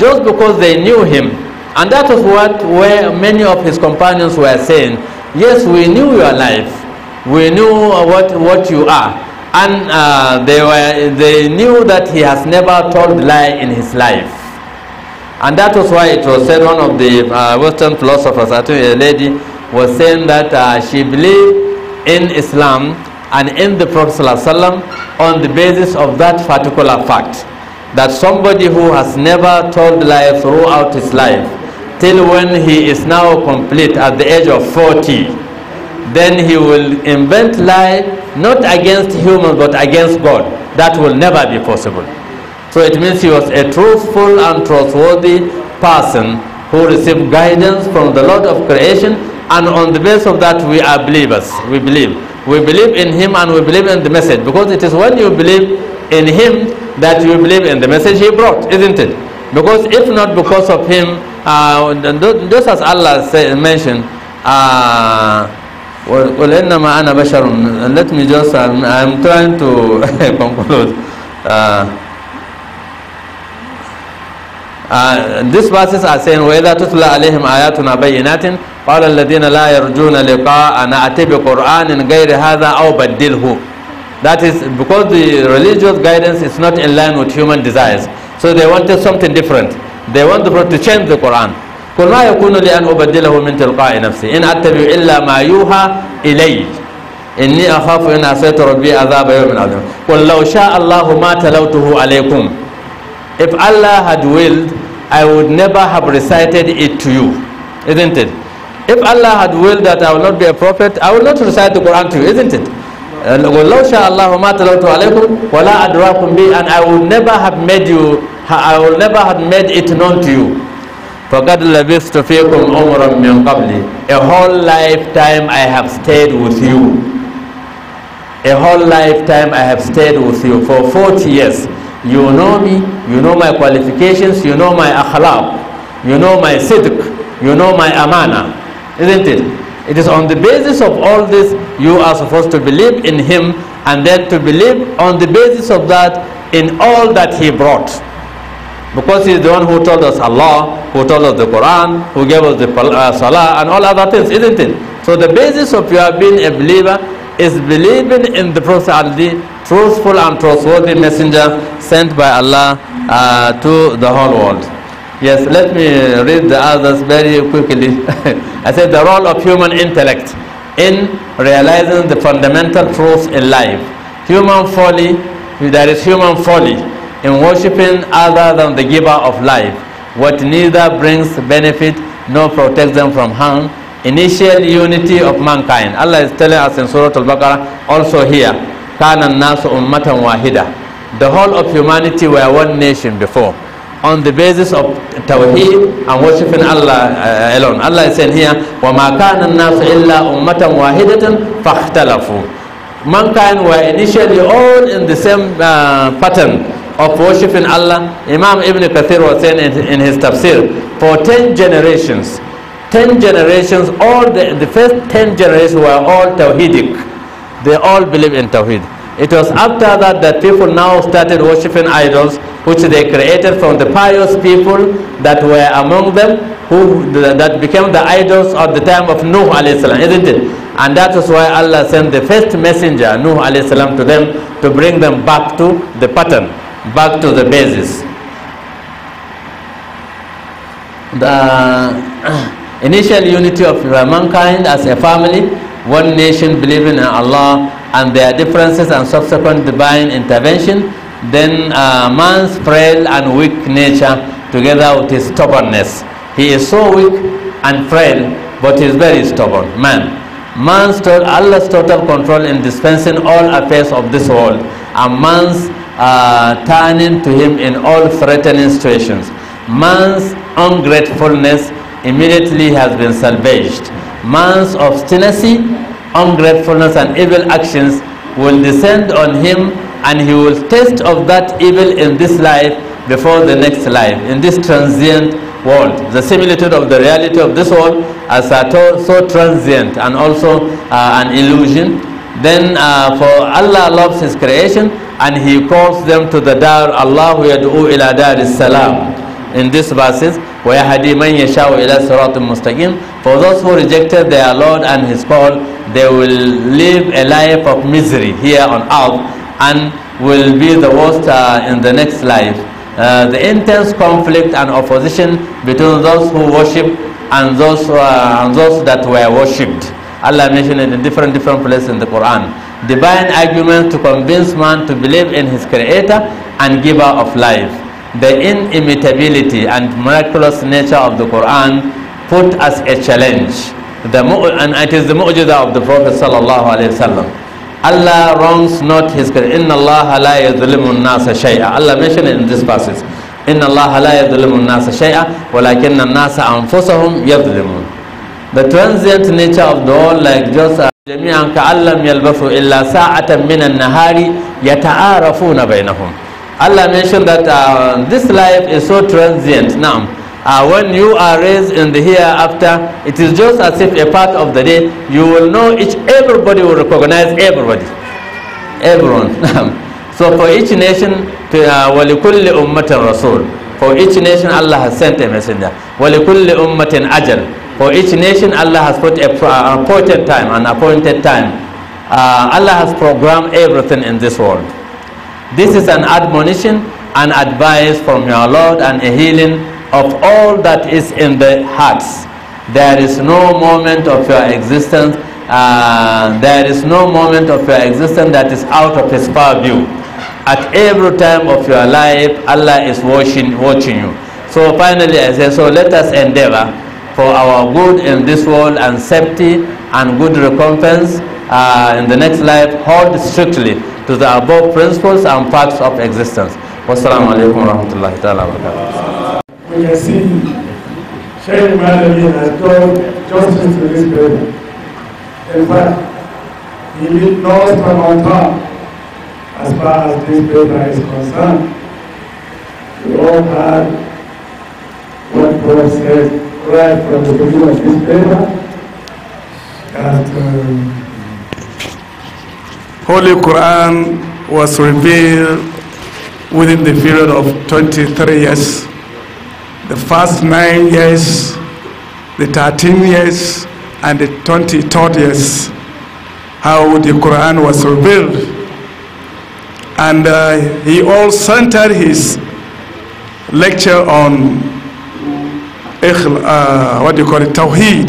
Speaker 3: just because they knew him, and that was what where many of his companions were saying, yes, we knew your life, we knew what, what you are. And they, were, they knew that he has never told lie in his life. And that was why it was said one of the Western philosophers, I a lady, was saying that uh, she believed in Islam and in the Prophet ﷺ on the basis of that particular fact that somebody who has never told lies throughout his life till when he is now complete at the age of 40 then he will invent lie not against humans but against God that will never be possible so it means he was a truthful and trustworthy person who received guidance from the Lord of creation and on the basis of that we are believers we believe we believe in him and we believe in the message because it is when you believe in him that you believe in the message he brought isn't it because if not because of him uh, just as Allah say, mentioned uh, well, إنما أنا بشر let me just I'm, um, I'm trying to conclude uh, uh, these verses are saying whether tutla alayhim ayatuna bayinatin قال الذين لا يرجون لقاء نأتي بقرآن غير هذا أو بدله That is because the religious guidance is not in line with human desires. So they wanted something different. They want the to change the Quran. قل ما يكون لي أن أبدله من تلقاء نفسي إن أتبع إلا ما يوحى إلي إني أخاف إن عصيت ربي عذاب يوم عظيم قل لو شاء الله ما تلوته عليكم If Allah had willed, I would never have recited it to you. Isn't it? If Allah had willed that I will not be a prophet, I will not recite the Quran to you, isn't it? وَلَوْ شَاءَ اللَّهُ مَا تَلَوْتُ عَلَيْكُمْ وَلَا أَدْرَاكُمْ بِي And I will never have made you, I will never have made it known to you. فَقَدْ لَبِثْتُ فِيكُمْ عُمْرًا مِّن قَبْلِ A whole lifetime I have stayed with you. A whole lifetime I have stayed with you for 40 years. You know me, you know my qualifications, you know my akhlaq, you know my sidq, you know my amana. Isn't it? It is on the basis of all this you are supposed to believe in him and then to believe on the basis of that in all that he brought. Because he is the one who told us Allah, who told us the Quran, who gave us the uh, Salah and all other things, isn't it? So the basis of your being a believer is believing in the Prophet and the truthful and trustworthy messenger sent by Allah uh, to the whole world. Yes, let me read the others very quickly. I said the role of human intellect in realizing the fundamental truth in life. Human folly, there is human folly in worshipping other than the giver of life, what neither brings benefit nor protects them from harm. Initial unity of mankind. Allah is telling us in Surah Al-Baqarah also here, kanan nasu ummatan wahida. The whole of humanity were one nation before. on the basis of tawheed and worshiping Allah uh, alone. Allah is saying here, وَمَا كَانَ النَّاسُ إِلَّا أُمَّةً وَاحِدَةً فَاخْتَلَفُوا Mankind were initially all in the same uh, pattern of worshiping Allah. Imam Ibn Kathir was saying in, in his tafsir, for 10 generations, 10 generations, all the, the first 10 generations were all tawheedic. They all believe in tawheed. It was after that that people now started worshipping idols which they created from the pious people that were among them who that became the idols at the time of Nuh alayhi salam, isn't it? And that is why Allah sent the first messenger Nuh alayhi salam to them to bring them back to the pattern, back to the basis. The initial unity of mankind as a family, one nation believing in Allah and their differences and subsequent divine intervention, then uh, man's frail and weak nature together with his stubbornness. He is so weak and frail, but he is very stubborn. Man. Man's total, Allah's total control in dispensing all affairs of this world and man's uh, turning to him in all threatening situations. Man's ungratefulness immediately has been salvaged. Man's obstinacy ungratefulness and evil actions will descend on him and he will taste of that evil in this life before the next life, in this transient world. The similitude of the reality of this world as to so transient and also uh, an illusion. Then uh, for Allah loves his creation and he calls them to the dar, Allah yad'u ila dar salam. in these verses وَيَهَدِي مَنْ يَشَاءُ إِلَى صِرَاطٍ مُسْتَقِيمٍ For those who rejected their Lord and His call, they will live a life of misery here on earth and will be the worst uh, in the next life. Uh, the intense conflict and opposition between those who worship and those, uh, and those that were worshipped. Allah mentioned it in different different places in the Quran. Divine argument to convince man to believe in his creator and giver of life. the inimitability and miraculous nature of the Quran put as a challenge. The, and it is the mu'jiza of the Prophet sallallahu alayhi wa sallam Allah wrongs not his creation. Inna Allah la yadhulimu nasa shay'a. Allah mentioned it in this passage. Inna Allah la yadhulimu nasa shay'a walakinna nasa anfusahum yadhlimun. The transient nature of the world like just a jami'an ka'allam يلبثوا illa sa'atan minan nahari yata'arafuna بينهم Allah mentioned that uh, this life is so transient now. Uh, when you are raised in the hereafter, it is just as if a part of the day. You will know each, everybody will recognize everybody, everyone. so for each nation, to uh, walikulli أُمَّةٍ Rasul For each nation, Allah has sent a messenger. Walikulli أُمَّةٍ ajal. For each nation, Allah has put a, an uh, appointed time, an appointed time. Uh, Allah has programmed everything in this world. This is an admonition and advice from your Lord and a healing of all that is in the hearts. There is no moment of your existence, uh, there is no moment of your existence that is out of His purview. At every time of your life, Allah is watching, watching you. So finally, I say, so let us endeavor for our good in this world and safety and good recompense uh, in the next life, hold strictly to the above principles and facts of existence. Wassalamu alaikum ta'ala wa
Speaker 4: We can see Sheikh Malami has done justice to this baby. In fact, he did not stand on top as far as this paper is concerned. We all had what God said right from the beginning of this paper that um, Holy Quran was revealed within the period of 23 years. The first nine years, the 13 years, and the 23rd years, how the Quran was revealed. And uh, he all centered his lecture on uh, what do you call it, Tawheed,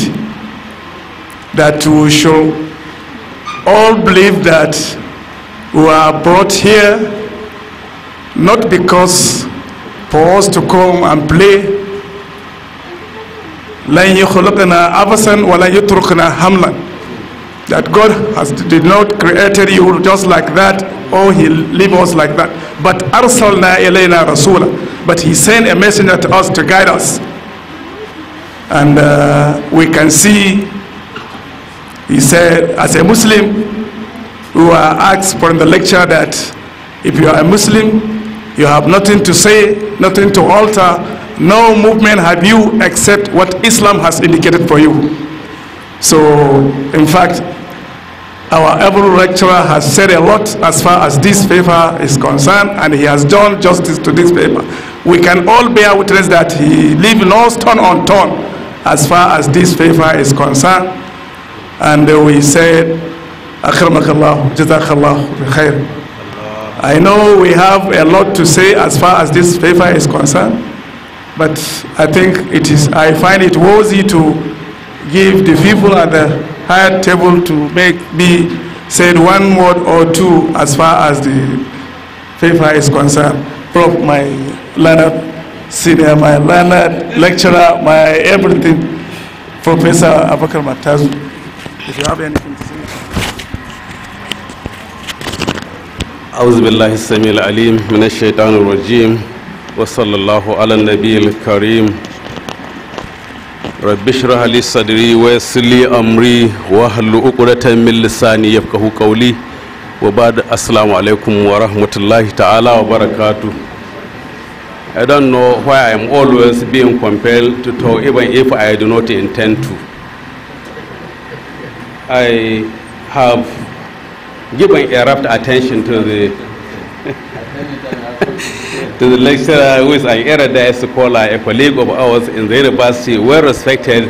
Speaker 4: that we should all believe that we are brought here not because for us to come and play that God has did not created you just like that or he leave us like that but أرسلنا but he sent a messenger to us to guide us and uh, we can see he said, as a Muslim, we were asked from the lecture that if you are a Muslim, you have nothing to say, nothing to alter, no movement have you except what Islam has indicated for you. So, in fact, our able lecturer has said a lot as far as this paper is concerned, and he has done justice to this paper. We can all bear witness that he leaves no stone unturned as far as this paper is concerned and we said, Akramakallah, Jazakallah, Khair. I know we have a lot to say as far as this paper is concerned, but I think it is, I find it worthy to give the people at the higher table to make me say one word or two as far as the paper is concerned. from my learned senior, my learned lecturer, my everything, Professor Abakar Matazu. if you have anything to
Speaker 5: أعوذ بالله السميع العليم من الشيطان الرجيم وصلى الله على النبي الكريم رب اشرح لي صدري ويسر لي امري واحلل عقدة من لساني يفقه قولي وبعد السلام عليكم ورحمة الله تعالى وبركاته I don't know why I'm always being compelled to talk even if I do not intend to. I have given a rapt attention to the to the lecturer who is an erudite scholar, a colleague of ours in the university, well respected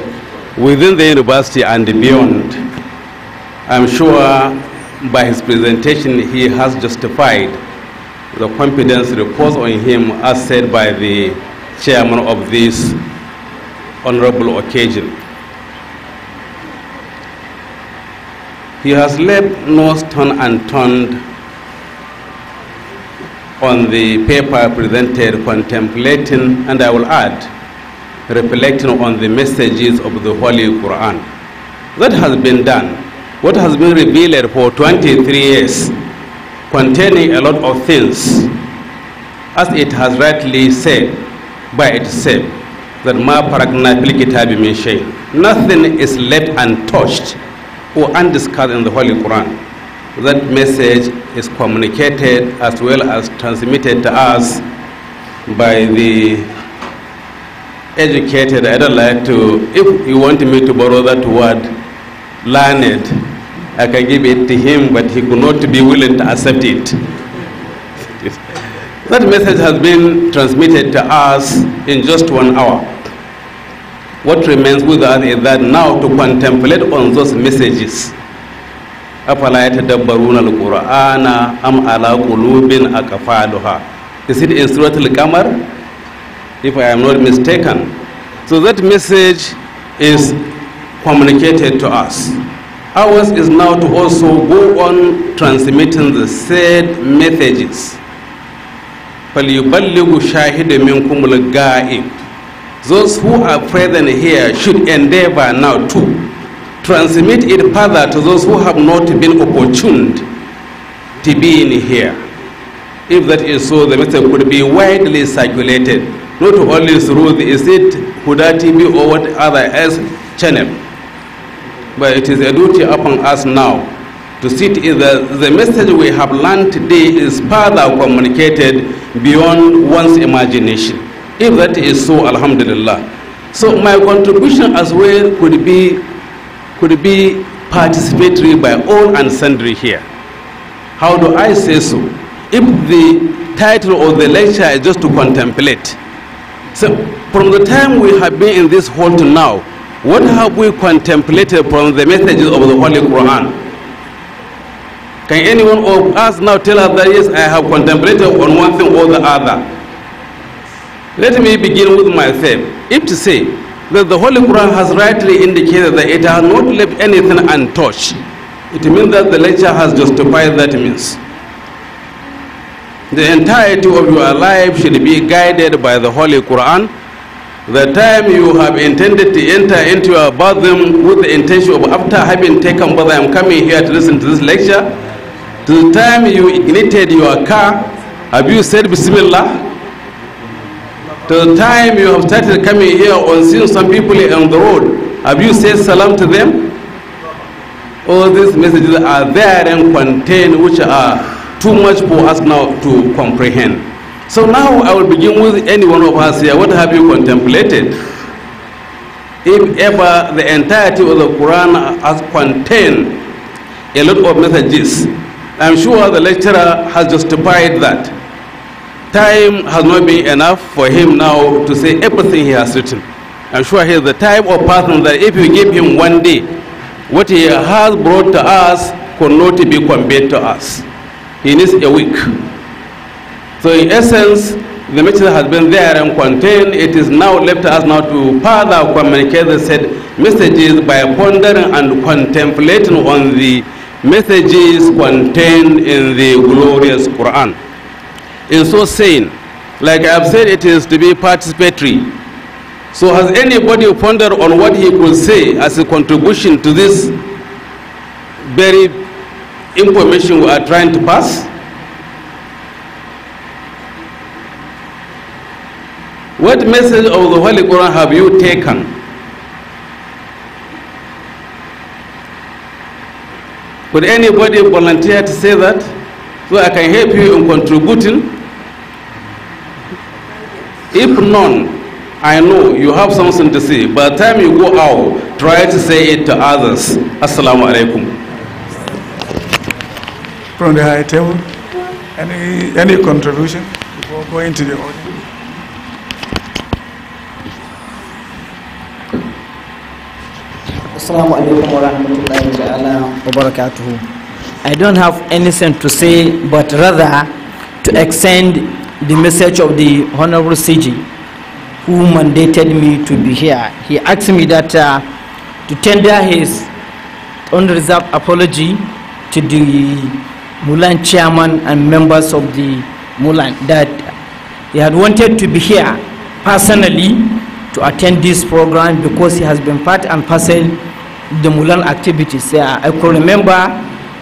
Speaker 5: within the university and beyond. I'm sure by his presentation he has justified the confidence reposed on him as said by the chairman of this honorable occasion. He has left no stone unturned on the paper presented contemplating and I will add reflecting on the messages of the Holy Quran. That has been done. What has been revealed for 23 years containing a lot of things as it has rightly said by itself that ma parakna fil nothing is left untouched or undiscussed in the Holy Quran. That message is communicated as well as transmitted to us by the educated adult. Like to, if you want me to borrow that word, learned, I can give it to him, but he could not be willing to accept it. that message has been transmitted to us in just one hour. what remains with us is that now to contemplate on those messages afala ya tadabbaruna alqur'ana am ala qulubin akfaluha is it in surah al-qamar if i am not mistaken so that message is communicated to us ours is now to also go on transmitting the said messages فليبلغ شاهد منكم الغائب those who are present here should endeavor now to transmit it further to those who have not been opportune to be in here. If that is so, the message could be widely circulated, not only through the is it Huda TV or what other else channel. But it is a duty upon us now to see that the message we have learned today is further communicated beyond one's imagination. If that is so, Alhamdulillah. So my contribution as well could be, could be participatory by all and sundry here. How do I say so? If the title of the lecture is just to contemplate, so from the time we have been in this hall to now, what have we contemplated from the messages of the Holy Quran? Can anyone of us now tell us that yes, I have contemplated on one thing or the other? Let me begin with myself. If to say that the Holy Quran has rightly indicated that it has not left anything untouched, it means that the lecture has justified that means. The entirety of your life should be guided by the Holy Quran. The time you have intended to enter into your bathroom with the intention of after having taken bath, I am coming here to listen to this lecture. To the time you ignited your car, have you said Bismillah? To the time you have started coming here or seen some people on the road, have you said salam to them? All these messages are there and contained which are too much for us now to comprehend. So now I will begin with any one of us here. What have you contemplated? If ever the entirety of the Quran has contained a lot of messages, I'm sure the lecturer has justified that. time has not been enough for him now to say everything he has written. I'm sure he is the type of person that if you give him one day, what he has brought to us could not be conveyed to us. He needs a week. So in essence, the message has been there and contained. It is now left to us now to further communicate the said messages by pondering and contemplating on the messages contained in the glorious Quran. in so saying, like I have said, it is to be participatory. So has anybody pondered on what he could say as a contribution to this very information we are trying to pass? What message of the Holy Quran have you taken? Could anybody volunteer to say that so I can help you in contributing? If none, I know you have something to say. By the time you go out, try to say it to others. Assalamu alaikum.
Speaker 4: From the high table, any, any contribution before going to the audience?
Speaker 6: I don't have anything to say, but rather to extend the message of the Honorable CG, who mandated me to be here. He asked me that uh, to tender his unreserved apology to the Mulan chairman and members of the Mulan that he had wanted to be here personally to attend this program because he has been part and parcel the Mulan activities. Uh, I could remember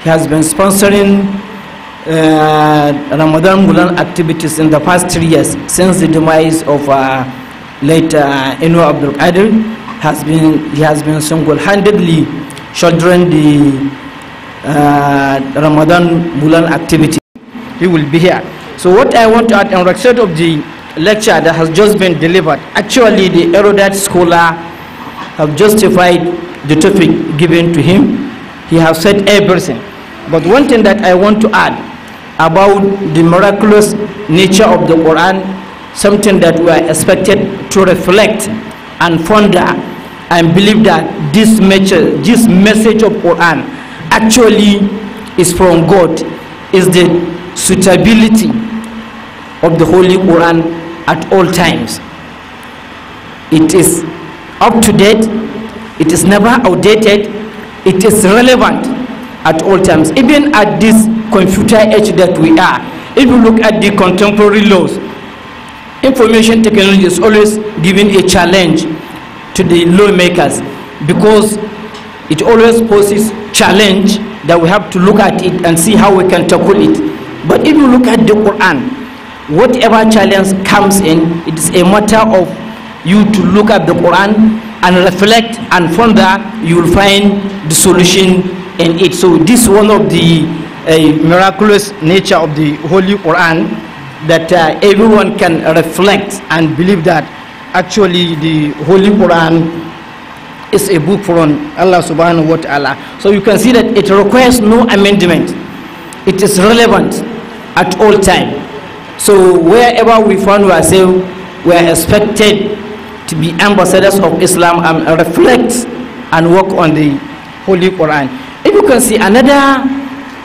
Speaker 6: he has been sponsoring uh, Ramadan Bulan activities in the past three years since the demise of uh, late uh, Inu Abdul Qadir has been he has been single-handedly shouldering the uh, Ramadan Bulan activity. He will be here. So what I want to add on respect of the lecture that has just been delivered, actually the erudite scholar have justified the topic given to him. He has said everything. But one thing that I want to add about the miraculous nature of the Quran, something that we are expected to reflect and ponder and believe that this message, this message of Quran actually is from God, is the suitability of the Holy Quran at all times. It is up to date, it is never outdated, it is relevant at all times, even at this computer age that we are. If you look at the contemporary laws, information technology is always giving a challenge to the lawmakers because it always poses challenge that we have to look at it and see how we can tackle it. But if you look at the Quran, whatever challenge comes in, it is a matter of you to look at the Quran and reflect and from there you will find the solution in it. So this is one of the uh, miraculous nature of the Holy Quran that uh, everyone can reflect and believe that actually the Holy Quran is a book from Allah subhanahu wa ta'ala. So you can see that it requires no amendment. It is relevant at all time. So wherever we find ourselves, we are expected to be ambassadors of Islam and reflect and work on the Holy Quran you can see another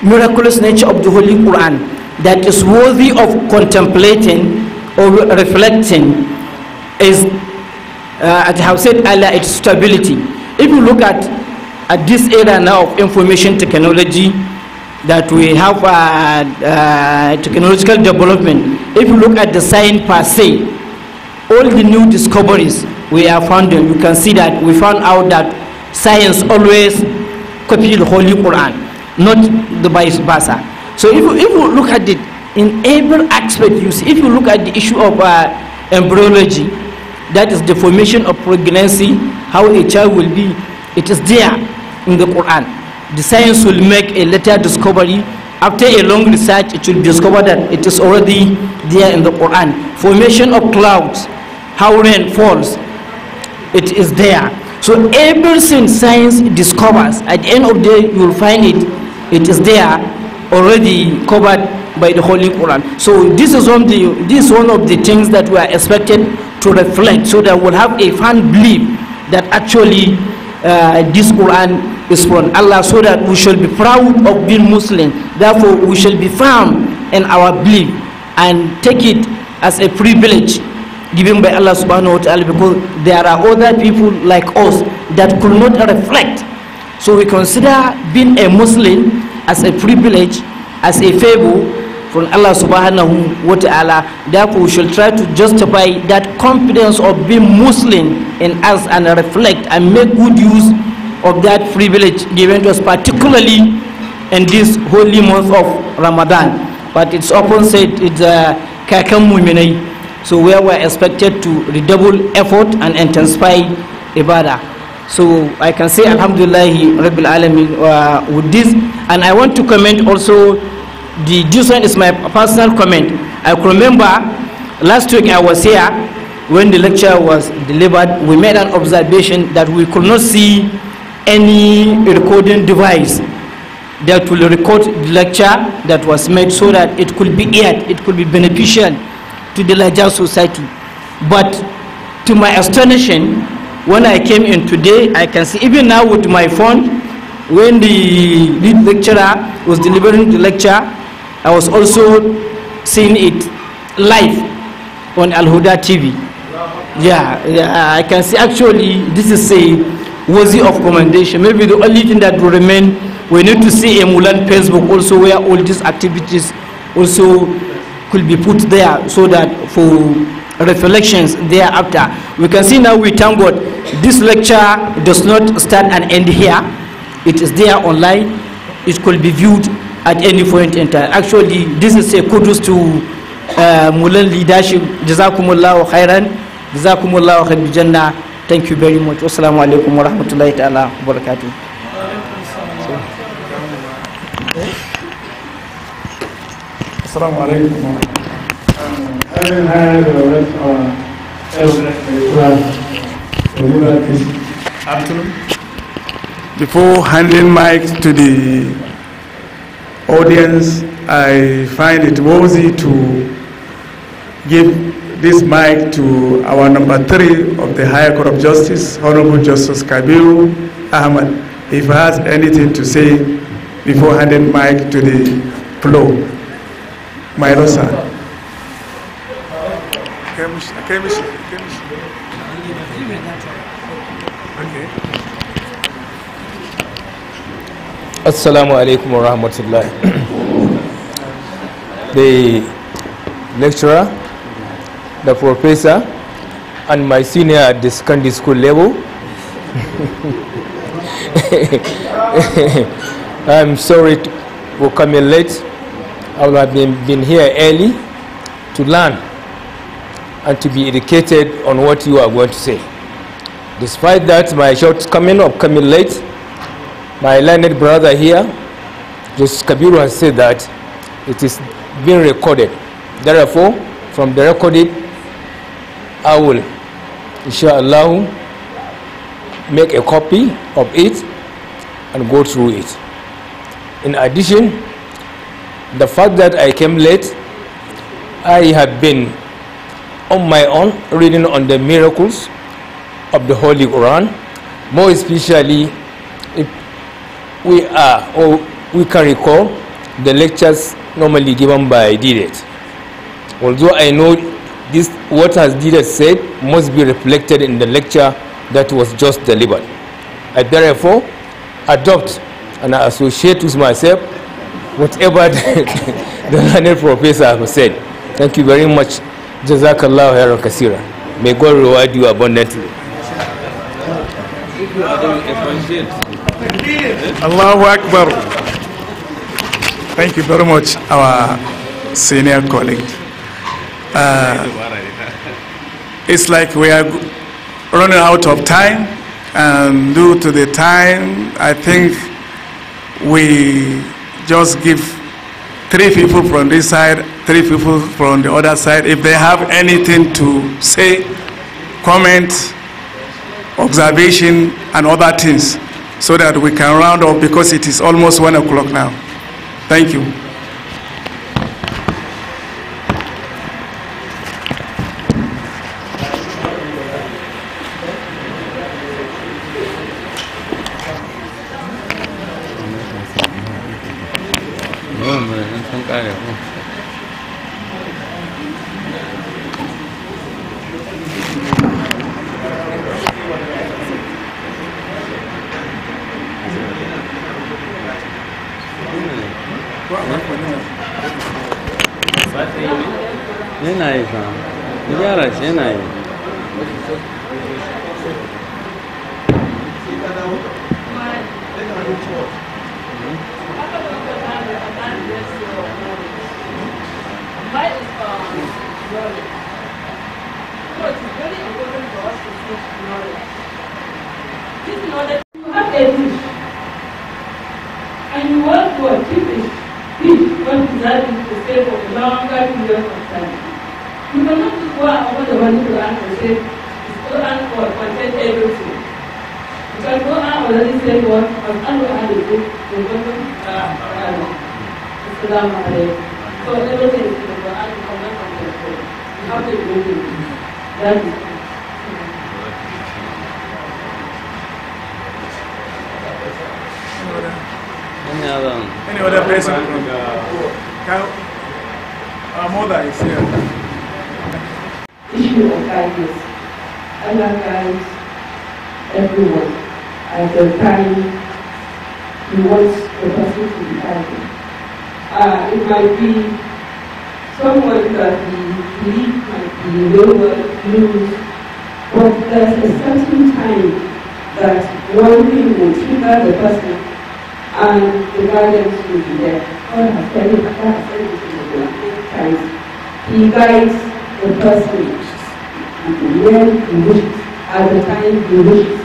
Speaker 6: miraculous nature of the Holy Quran that is worthy of contemplating or reflecting is uh, I have said earlier, its stability. If you look at at this era now of information technology that we have uh, uh, technological development, if you look at the science per se, all the new discoveries we are found, you can see that we found out that science always copy the Holy Quran, not the vice versa. So if you, if you look at it in every aspect, you see, if you look at the issue of uh, embryology, that is the formation of pregnancy, how a child will be, it is there in the Quran. The science will make a later discovery. After a long research, it will discover that it is already there in the Quran. Formation of clouds, how rain falls, it is there. So everything science discovers, at the end of the day, you will find it, it is there already covered by the Holy Quran. So this is one, the, this is one of the things that we are expected to reflect so that we'll have a firm belief that actually uh, this Quran is from Allah so that we shall be proud of being Muslim. Therefore, we shall be firm in our belief and take it as a privilege given by Allah subhanahu wa ta'ala because there are other people like us that could not reflect. So we consider being a Muslim as a privilege, as a favor from Allah subhanahu wa ta'ala. Therefore, we should try to justify that confidence of being Muslim in us and reflect and make good use of that privilege given to us, particularly in this holy month of Ramadan. But it's often said it's a uh, kakan muminai so we're expected to redouble effort and intensify ibadah so i can say alhamdulillah rabbil alamin uh, with this and i want to comment also the this one is my personal comment i remember last week i was here when the lecture was delivered we made an observation that we could not see any recording device that will record the lecture that was made so that it could be aired it could be beneficial to the larger society. But to my astonishment, when I came in today, I can see even now with my phone, when the lead lecturer was delivering the lecture, I was also seeing it live on Al Huda TV. Yeah, yeah, I can see actually this is a worthy of commendation. Maybe the only thing that will remain, we need to see a Mulan Facebook also where all these activities also could be put there so that for reflections thereafter. We can see now we thank God this lecture does not start and end here. It is there online. It could be viewed at any point in time. Actually, this is a kudos to uh, leadership. Jazakumullahu khairan. Jazakumullahu khairan. Thank you very much. Wassalamu alaikum wa rahmatullahi ta'ala
Speaker 4: Assalamu alaikum.
Speaker 2: Um,
Speaker 4: having before handing mic to the audience, I find it worthy to give this mic to our number three of the Higher Court of Justice, Honorable Justice Kabiru Ahmad, if he has anything to say before handing mic to the floor. Mairosa. Chemistry. Chemistry. Chemistry. Okay.
Speaker 7: Assalamu alaikum wa rahmatullah. the lecturer, the professor, and my senior at the secondary school level. I'm sorry to, for coming late. I would have been, been here early to learn and to be educated on what you are going to say. Despite that, my shortcoming of coming late, my learned brother here, Justice Kabiru, has said that it is being recorded. Therefore, from the recorded, I will, inshallah, make a copy of it and go through it. In addition, the fact that I came late, I have been on my own reading on the miracles of the Holy Quran, more especially if we are or we can recall the lectures normally given by Didet. Although I know this what has Didet said must be reflected in the lecture that was just delivered. I therefore adopt and associate with myself whatever the, learned professor has said. Thank you very much. Jazakallah khairan kasira. May God reward you abundantly.
Speaker 4: Allahu Akbar. Thank you very much, our senior colleague. Uh, it's like we are running out of time, and due to the time, I think we just give three people from this side, three people from the other side. If they have anything to say, comment, observation, and other things so that we can round up because it is almost one o'clock now. Thank you.
Speaker 8: one thing will got the person, and the guidance will be there. God has said it, God has said it many times. He guides the person where he wishes, at the time he wishes,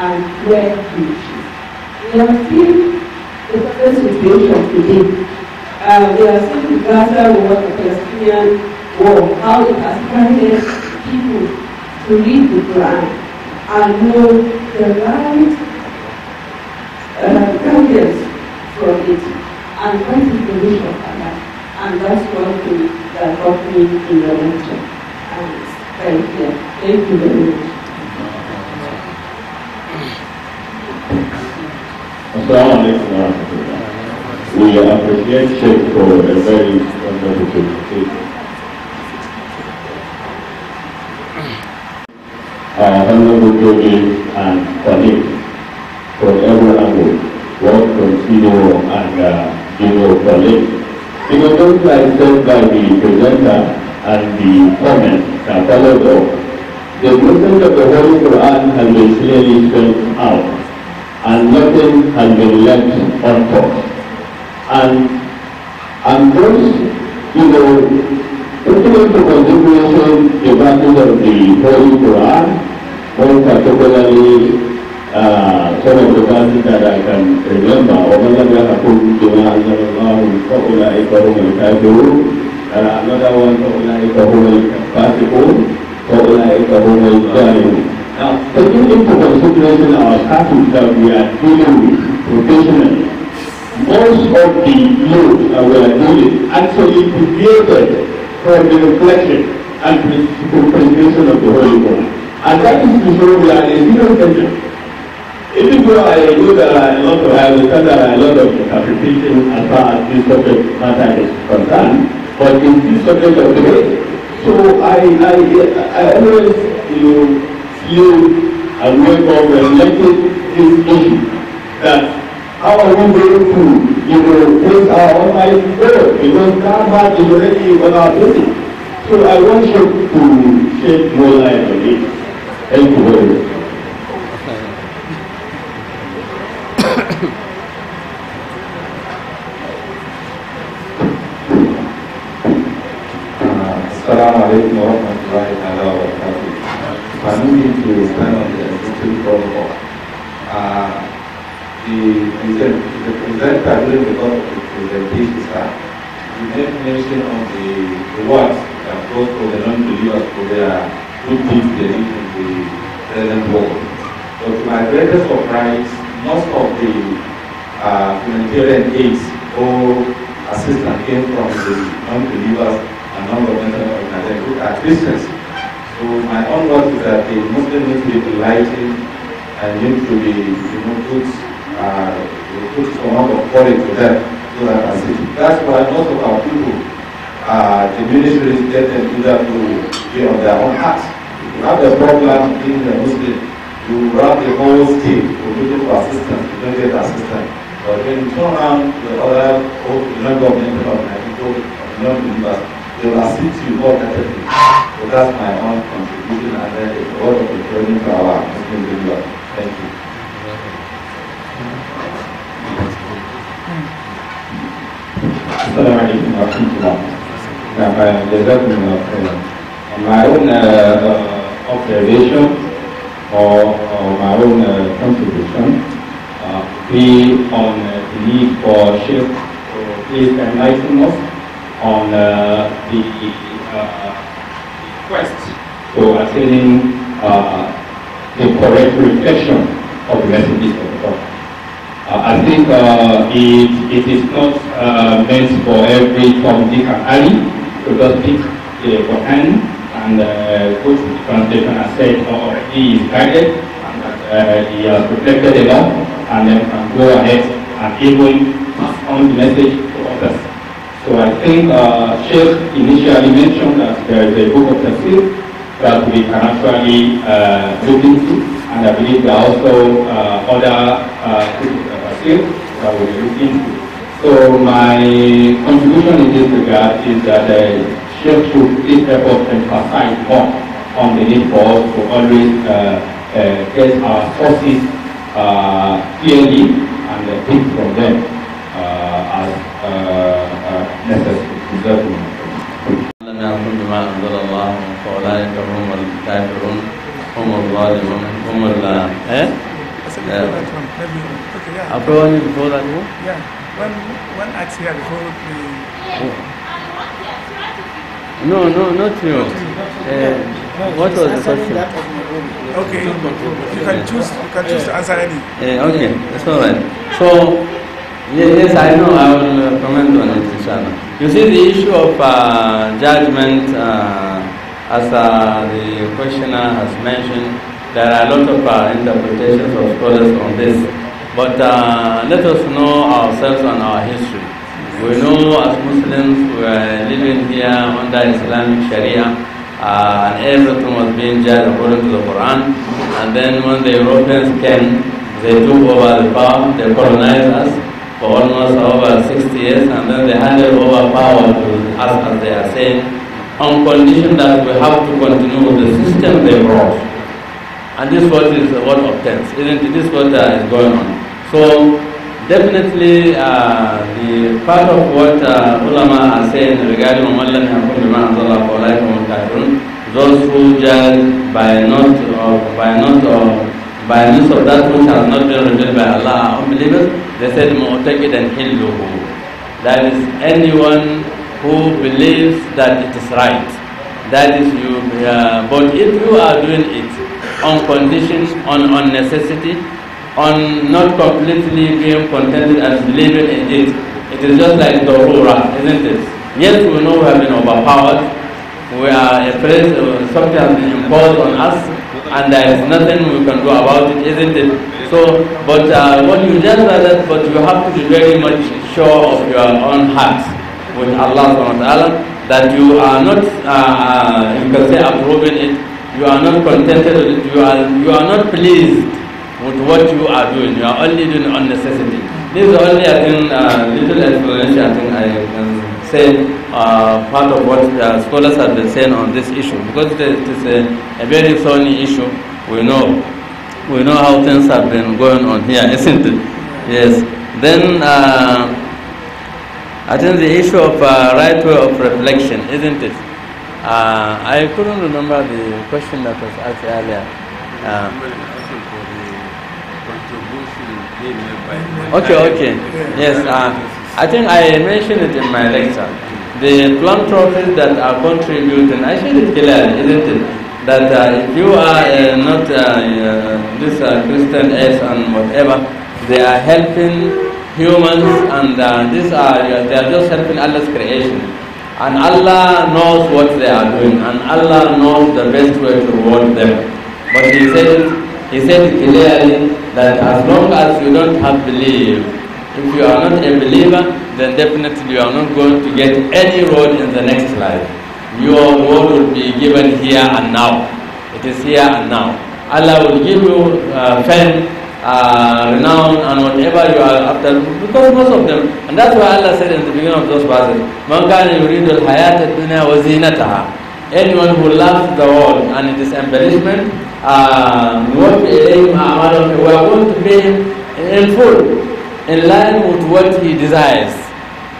Speaker 8: and where he wishes. We have seen the first situation today. Uh, we have seen the Gaza war, the Palestinian war, how it has guided people to read the Quran and know the right uh, guidance from it and that is the wish of Allah. And that's one thing that got me in the lecture. And thank you. Thank you very much.
Speaker 2: Assalamu alaikum We appreciate Sheikh for a very wonderful presentation. uh, Honorable Jody and colleagues from every angle, both from senior and uh, junior colleagues. You know, those said by the presenter and the comments that followed up, the message of the Holy Quran has been clearly spelled out, and nothing has been left untouched. And, and those, you know, Eu queria propor que o senhor debate de politurar, ou que a propriedade como propósito da ICAN Prelamba, ou que a minha cultura, a minha mão, o povo da Ica Humanitário, a minha mão, o povo da Ica Pático, o povo da Ica Humanitário. Now, taking into consideration our status that we most of the youth that we are dealing actually created for the reflection and presentation of the Holy Word. And that is to show we are a serious nation. Even though I know there are a lot of, I understand there a lot of interpretation as far as this subject matter is concerned, but in this subject of the day, so I, I, I always, you know, feel and welcome when looking this issue that How are we going to, you know, take our Almighty God? Because back man the already of our duty. So I want you to shed more light on it. Thank you very much. Assalamu alaikum wa rahmatullahi wa barakatuh. Permit me the present, the presenter during the course of the presentation, sir, you made mention of the rewards that go for the non-believers for their good deeds they did in the present world. So to my greatest surprise, most of the uh, humanitarian aids or assistance came from the non-believers and non-governmental organizations who are Christians. So my own work is that the Muslim need to be enlightened and need to be you know, good uh, put some amount of courage to them so that I see. That's why most of our people, uh, the ministries get them either to be on their own hats. If you have a problem in the Muslim, you wrap the whole team to looking for assistance, you don't get assistance. But when you turn around the other non-governmental organization, non-believers, they will assist you wholeheartedly. So that's my own contribution and that is all of the training to our Muslim believers. Thank you. السلام my own uh, observation or, my own uh, contribution uh, on uh, the need for shift or please enlighten us on uh, the, uh, the quest for attaining uh, the correct reflection of the messages of God. I think uh, it, it is not uh, meant for every Tom, Dick and Harry to just pick for hand and uh, go to the translation and say, he is guided and that uh, he has reflected a lot and then can go ahead and even pass on the message to others. So I think uh, Sheikh initially mentioned that there is a book of tafsir that we can actually uh, look into, and I believe there are also uh, other uh, skills that we look into. So my contribution in this regard is that I should please help us emphasize more on the need for us to always uh, uh, get our sources uh, clearly and uh, pick from them uh, as
Speaker 3: uh, uh, necessary to development. لنا كل before yeah. that one. Maybe, okay, yeah. I've before that one?
Speaker 4: Yeah. One, one act here before the... No, no, not you. Not you. Uh, what was the question? Okay, you can choose. You can choose to answer any. Uh, okay,
Speaker 3: that's all right. So, yes, I know. I will uh, comment on it, inshallah. You see, the issue of uh, judgment, uh, as uh, the questioner has mentioned, there are a lot of uh, interpretations of scholars on this, but uh, let us know ourselves and our history. We know as Muslims we are living here under Islamic Sharia, uh, and everything was being judged according to the Quran. And then when the Europeans came, they took over the power, they colonized us for almost over 60 years, and then they handed over power to us, as they are saying, on condition that we have to continue with the system they brought. And this world is the world of death, isn't it? This world is going on. So definitely uh, the part of what uh, ulama are saying regarding Umallam those who judge by not or uh, by not or uh, by means of that which has not been revealed by Allah are unbelievers, they said "Take it and you." That is anyone who believes that it is right. That is you, uh, but if you are doing it, on conditions, on, on necessity, on not completely being contented as believing in it. It is just like the Torah, isn't it? Yes, we know we have been overpowered. We are a place, uh, something has been imposed on us, and there is nothing we can do about it, isn't it? So, but uh, what you just said, but you have to be very much sure of your own heart with Allah subhanahu wa ta'ala that you are not, uh, you can say, approving it you are not contented, you are, you are not pleased with what you are doing. You are only doing unnecessary. This is only, I think, uh, little explanation I think I can say uh, part of what scholars have been saying on this issue because it is a, a very thorny issue. We know we know how things have been going on here, isn't it? Yes. Then uh,
Speaker 8: I think the issue of uh, right way of
Speaker 3: reflection, isn't it? Uh, I couldn't remember the question that was asked earlier. Uh, okay, okay. Yes, uh, I think I mentioned it in my lecture. The philanthropies that are contributing, I said it clearly, isn't it? That uh, if you are uh, not uh, uh, this Christian S and whatever, they are helping humans and these are they are just helping Allah's creation. And Allah knows what they are doing, and Allah knows the best way to reward them. But He said, He said clearly that as long as you don't have belief, if you are not a believer, then definitely you are not going to get any reward in the next life. Your reward will be given here and now. It is here and now. Allah will give you uh, fame uh, renown and whatever you are after because most of them and that's why Allah said in the beginning of those verses man kana yuridu dunya wa anyone who loves the world and it is embellishment um, uh, we are going to pay him in full in line with what he desires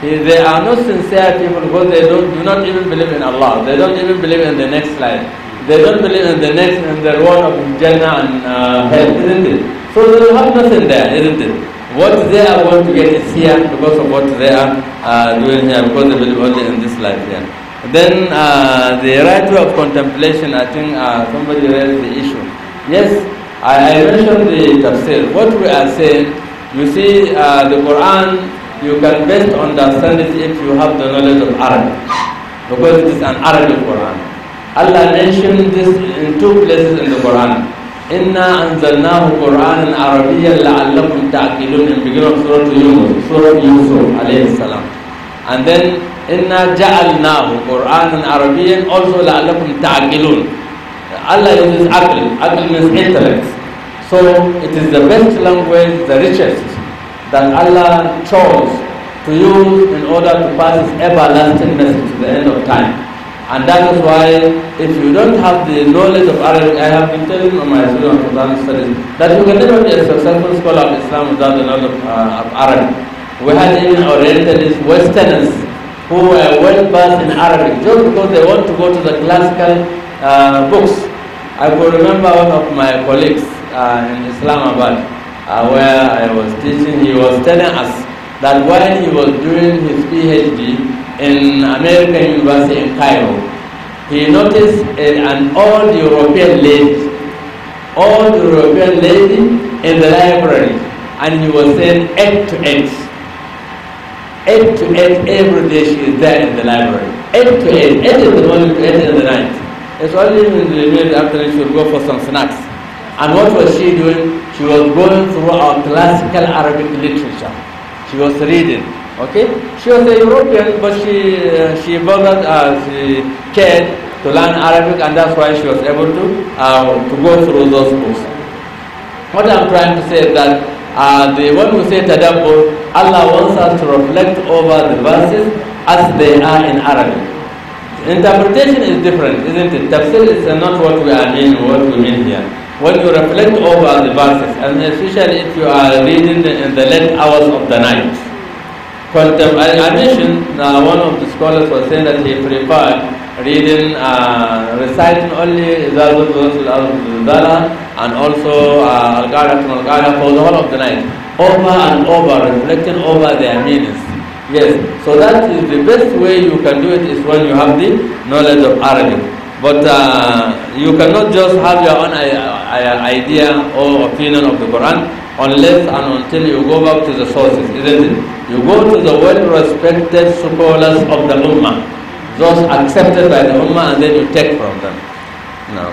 Speaker 3: they are not sincere people because they don't do not even believe in Allah. They don't even believe in the next life. They don't believe in the next in the reward of Jannah and uh, hell, isn't it? So they will have nothing there, isn't it? What they are going to get is here because of what they are uh, doing here, because they believe only in this life here. Then uh, the right way of contemplation, I think uh, somebody raised the issue. Yes, I, I, mentioned the tafsir. What we are saying, you see uh, the Quran, you can best understand it if you have the knowledge of Arabic, because it is an Arabic Quran. Allah mentioned this in two places in the Quran. Inna anzalnahu Qur'anan Arabiyyan la'allakum ta'qilun and beginning of Surah Yusuf. Surah Yusuf alayhi salam. And then Inna ja'alnahu Qur'anan Arabiyyan also la'allakum ta'qilun. Allah uses aql, aql means intellect. So it is the best language, the richest that Allah chose to use in order to pass his everlasting message to the end of time. And that is why, if you don't have the knowledge of Arabic, I have been telling my students of studies that you can never be a successful scholar of Islam without the knowledge of, uh, of Arabic. We had even Orientalists, Westerners, who were well versed in Arabic just because they want to go to the classical uh, books. I could remember one of my colleagues uh, in Islamabad, uh, where I was teaching, he was telling us that when he was doing his PhD, in American University in Cairo, he noticed an old European lady, old European lady in the library, and he was saying eight to eight. Eight to eight every day she is there in the library. Eight to eight, eight in the morning to eight in the night. It's only in the afternoon she would go for some snacks. And what was she doing? She was going through our classical Arabic literature. She was reading. Okay? She was a European, but she, she bothered, uh, she cared to learn Arabic, and that's why she was able to, uh, to go through those books. What I'm trying to say is that uh, the, when we say tadabbur, Allah wants us to reflect over the verses as they are in Arabic. Interpretation is different, isn't it? Tafsir is not what we are mean, what we mean here. When you reflect over the verses, and especially if you are reading the, in the late hours of the night, Contem um, in addition, uh, one of the scholars was saying that he preferred reading, uh, reciting only the Zala and also Al and Al for the whole of the night, over and over, reflecting over their meanings. Yes, so that is the best way you can do it is when you have the knowledge of Arabic. But uh, you cannot just have your own uh, uh, idea or opinion of the Quran unless and until you go back to the sources, isn't it? You go to the well-respected scholars of the Ummah, those accepted by the Ummah, and then you take from them. No.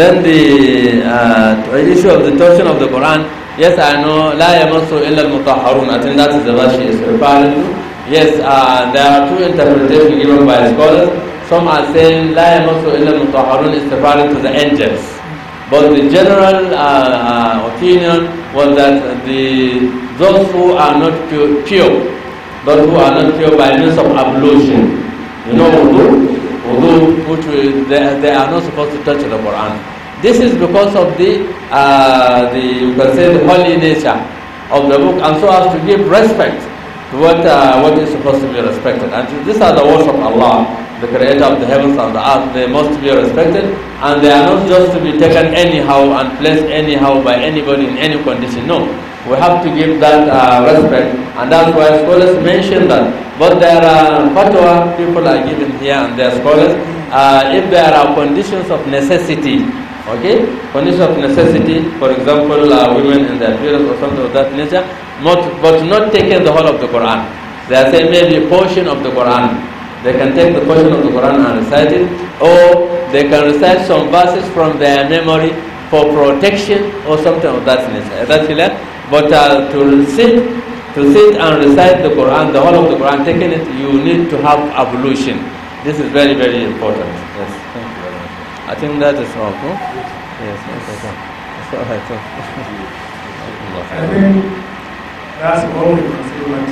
Speaker 3: Then the uh, issue of the torsion of the Quran, yes, I know, لا يمسو إلا المطهرون, I think that is the verse she is referring to. Yes, uh, there are two interpretations given by scholars. Some are saying لا يمسو إلا المطهرون is referring to the angels. But the general uh, uh, opinion was that the, those who are not pure, pure, those who are not pure by means of ablution, you know wudu, wudu which they, they are not supposed to touch the Quran. This is because of the, uh, the you can say the holy nature of the book and so as to give respect what, uh, what is supposed to be respected. And these are the words of Allah, the creator of the heavens and the earth. They must be respected and they are not just to be taken anyhow and placed anyhow by anybody in any condition. No, we have to give that uh, respect and that's why scholars mention that. But there are uh, fatwa people are given here and their scholars. Uh, if there are conditions of necessity Okay? Condition of necessity, for example, uh, women and their periods or something of that nature, not, but not taking the whole of the Quran. They are saying maybe a portion of the Quran. They can take the portion of the Quran and recite it, or they can recite some verses from their memory for protection or something of that nature. That's clear. But uh, to sit, to sit and recite the Quran, the whole of the Quran, taking it, you need to have ablution. This is very, very important. Yes. I think that is all, huh? Yes, okay, no. That's what I thought.
Speaker 4: I think that's all we can say, but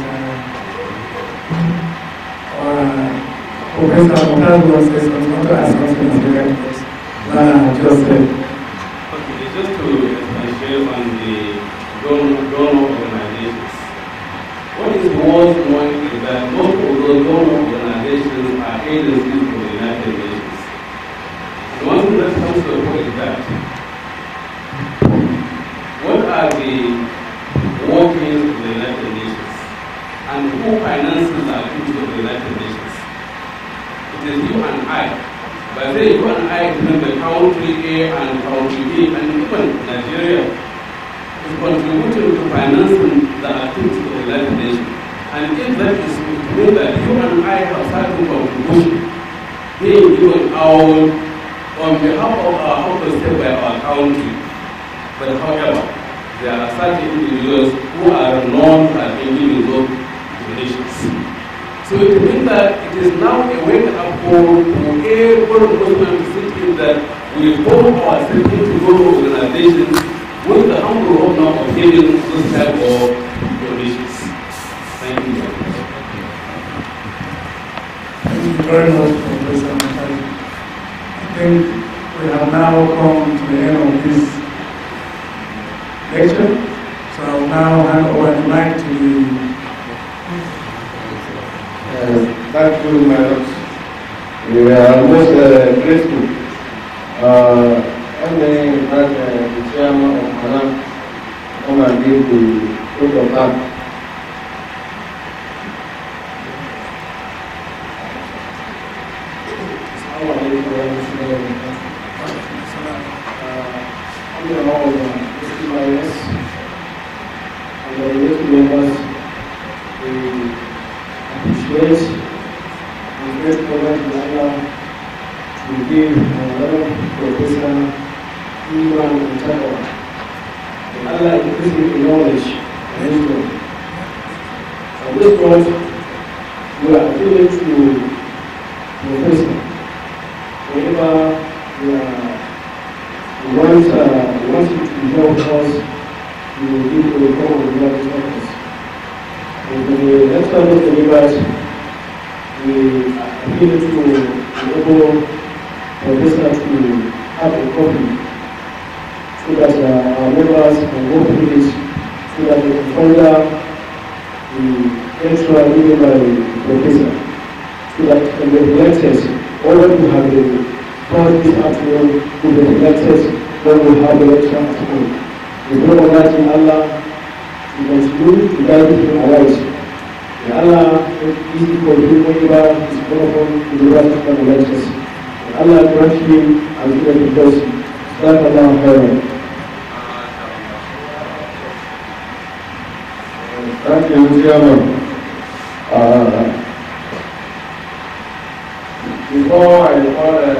Speaker 4: uh, Professor Mohan was just going to ask us to very
Speaker 2: much. just Okay,
Speaker 5: just to share on the grown-up organizations. What is most important is that most of those organizations are agencies for the United States. The one who that comes to the point is that what are the workings of the United Nations and who finances the activities of the United Nations? It is you and I. By saying you and I between country A and country B and even Nigeria is contributing to financing the activities of the United Nations. And if that is to mean that you and I have certain contribution, they will our on behalf of our purpose set by our county. But however, there are certain individuals who are known as being given those donations. So it means that it is now a wake-up call to every Muslim thinking that we form ourselves into those organizations with the humble hope now
Speaker 2: of giving this type of donations. Thank you. Thank you very much, Professor think
Speaker 4: we have now come to the end of this lecture. So I will now hand over the mic to you.
Speaker 2: Uh, thank you, my lords. We are most uh, grateful. Uh, and then the chairman of Manan come and give the talk of that. you know, STIS and the relief members, we appreciate and grateful to Allah to give our love to this iman Allah increase in knowledge and wisdom. On this point, we are appealing to Professor, whenever we are once, uh, once it helps us, we will give the return of blood to others. And the next time of believers, we appeal to enable professor to have a copy so that uh, our members can go through this so that they can find out the extra given by the professor so that in the be all of you have been all these articles the be when we have elections tomorrow. We pray Almighty Allah to continue to guide him aright. May Allah make it easy for him whenever his problem is worse the elections. May Allah grant him as good as he does. Stand Allah heaven. Thank you, Chairman. Uh, before I order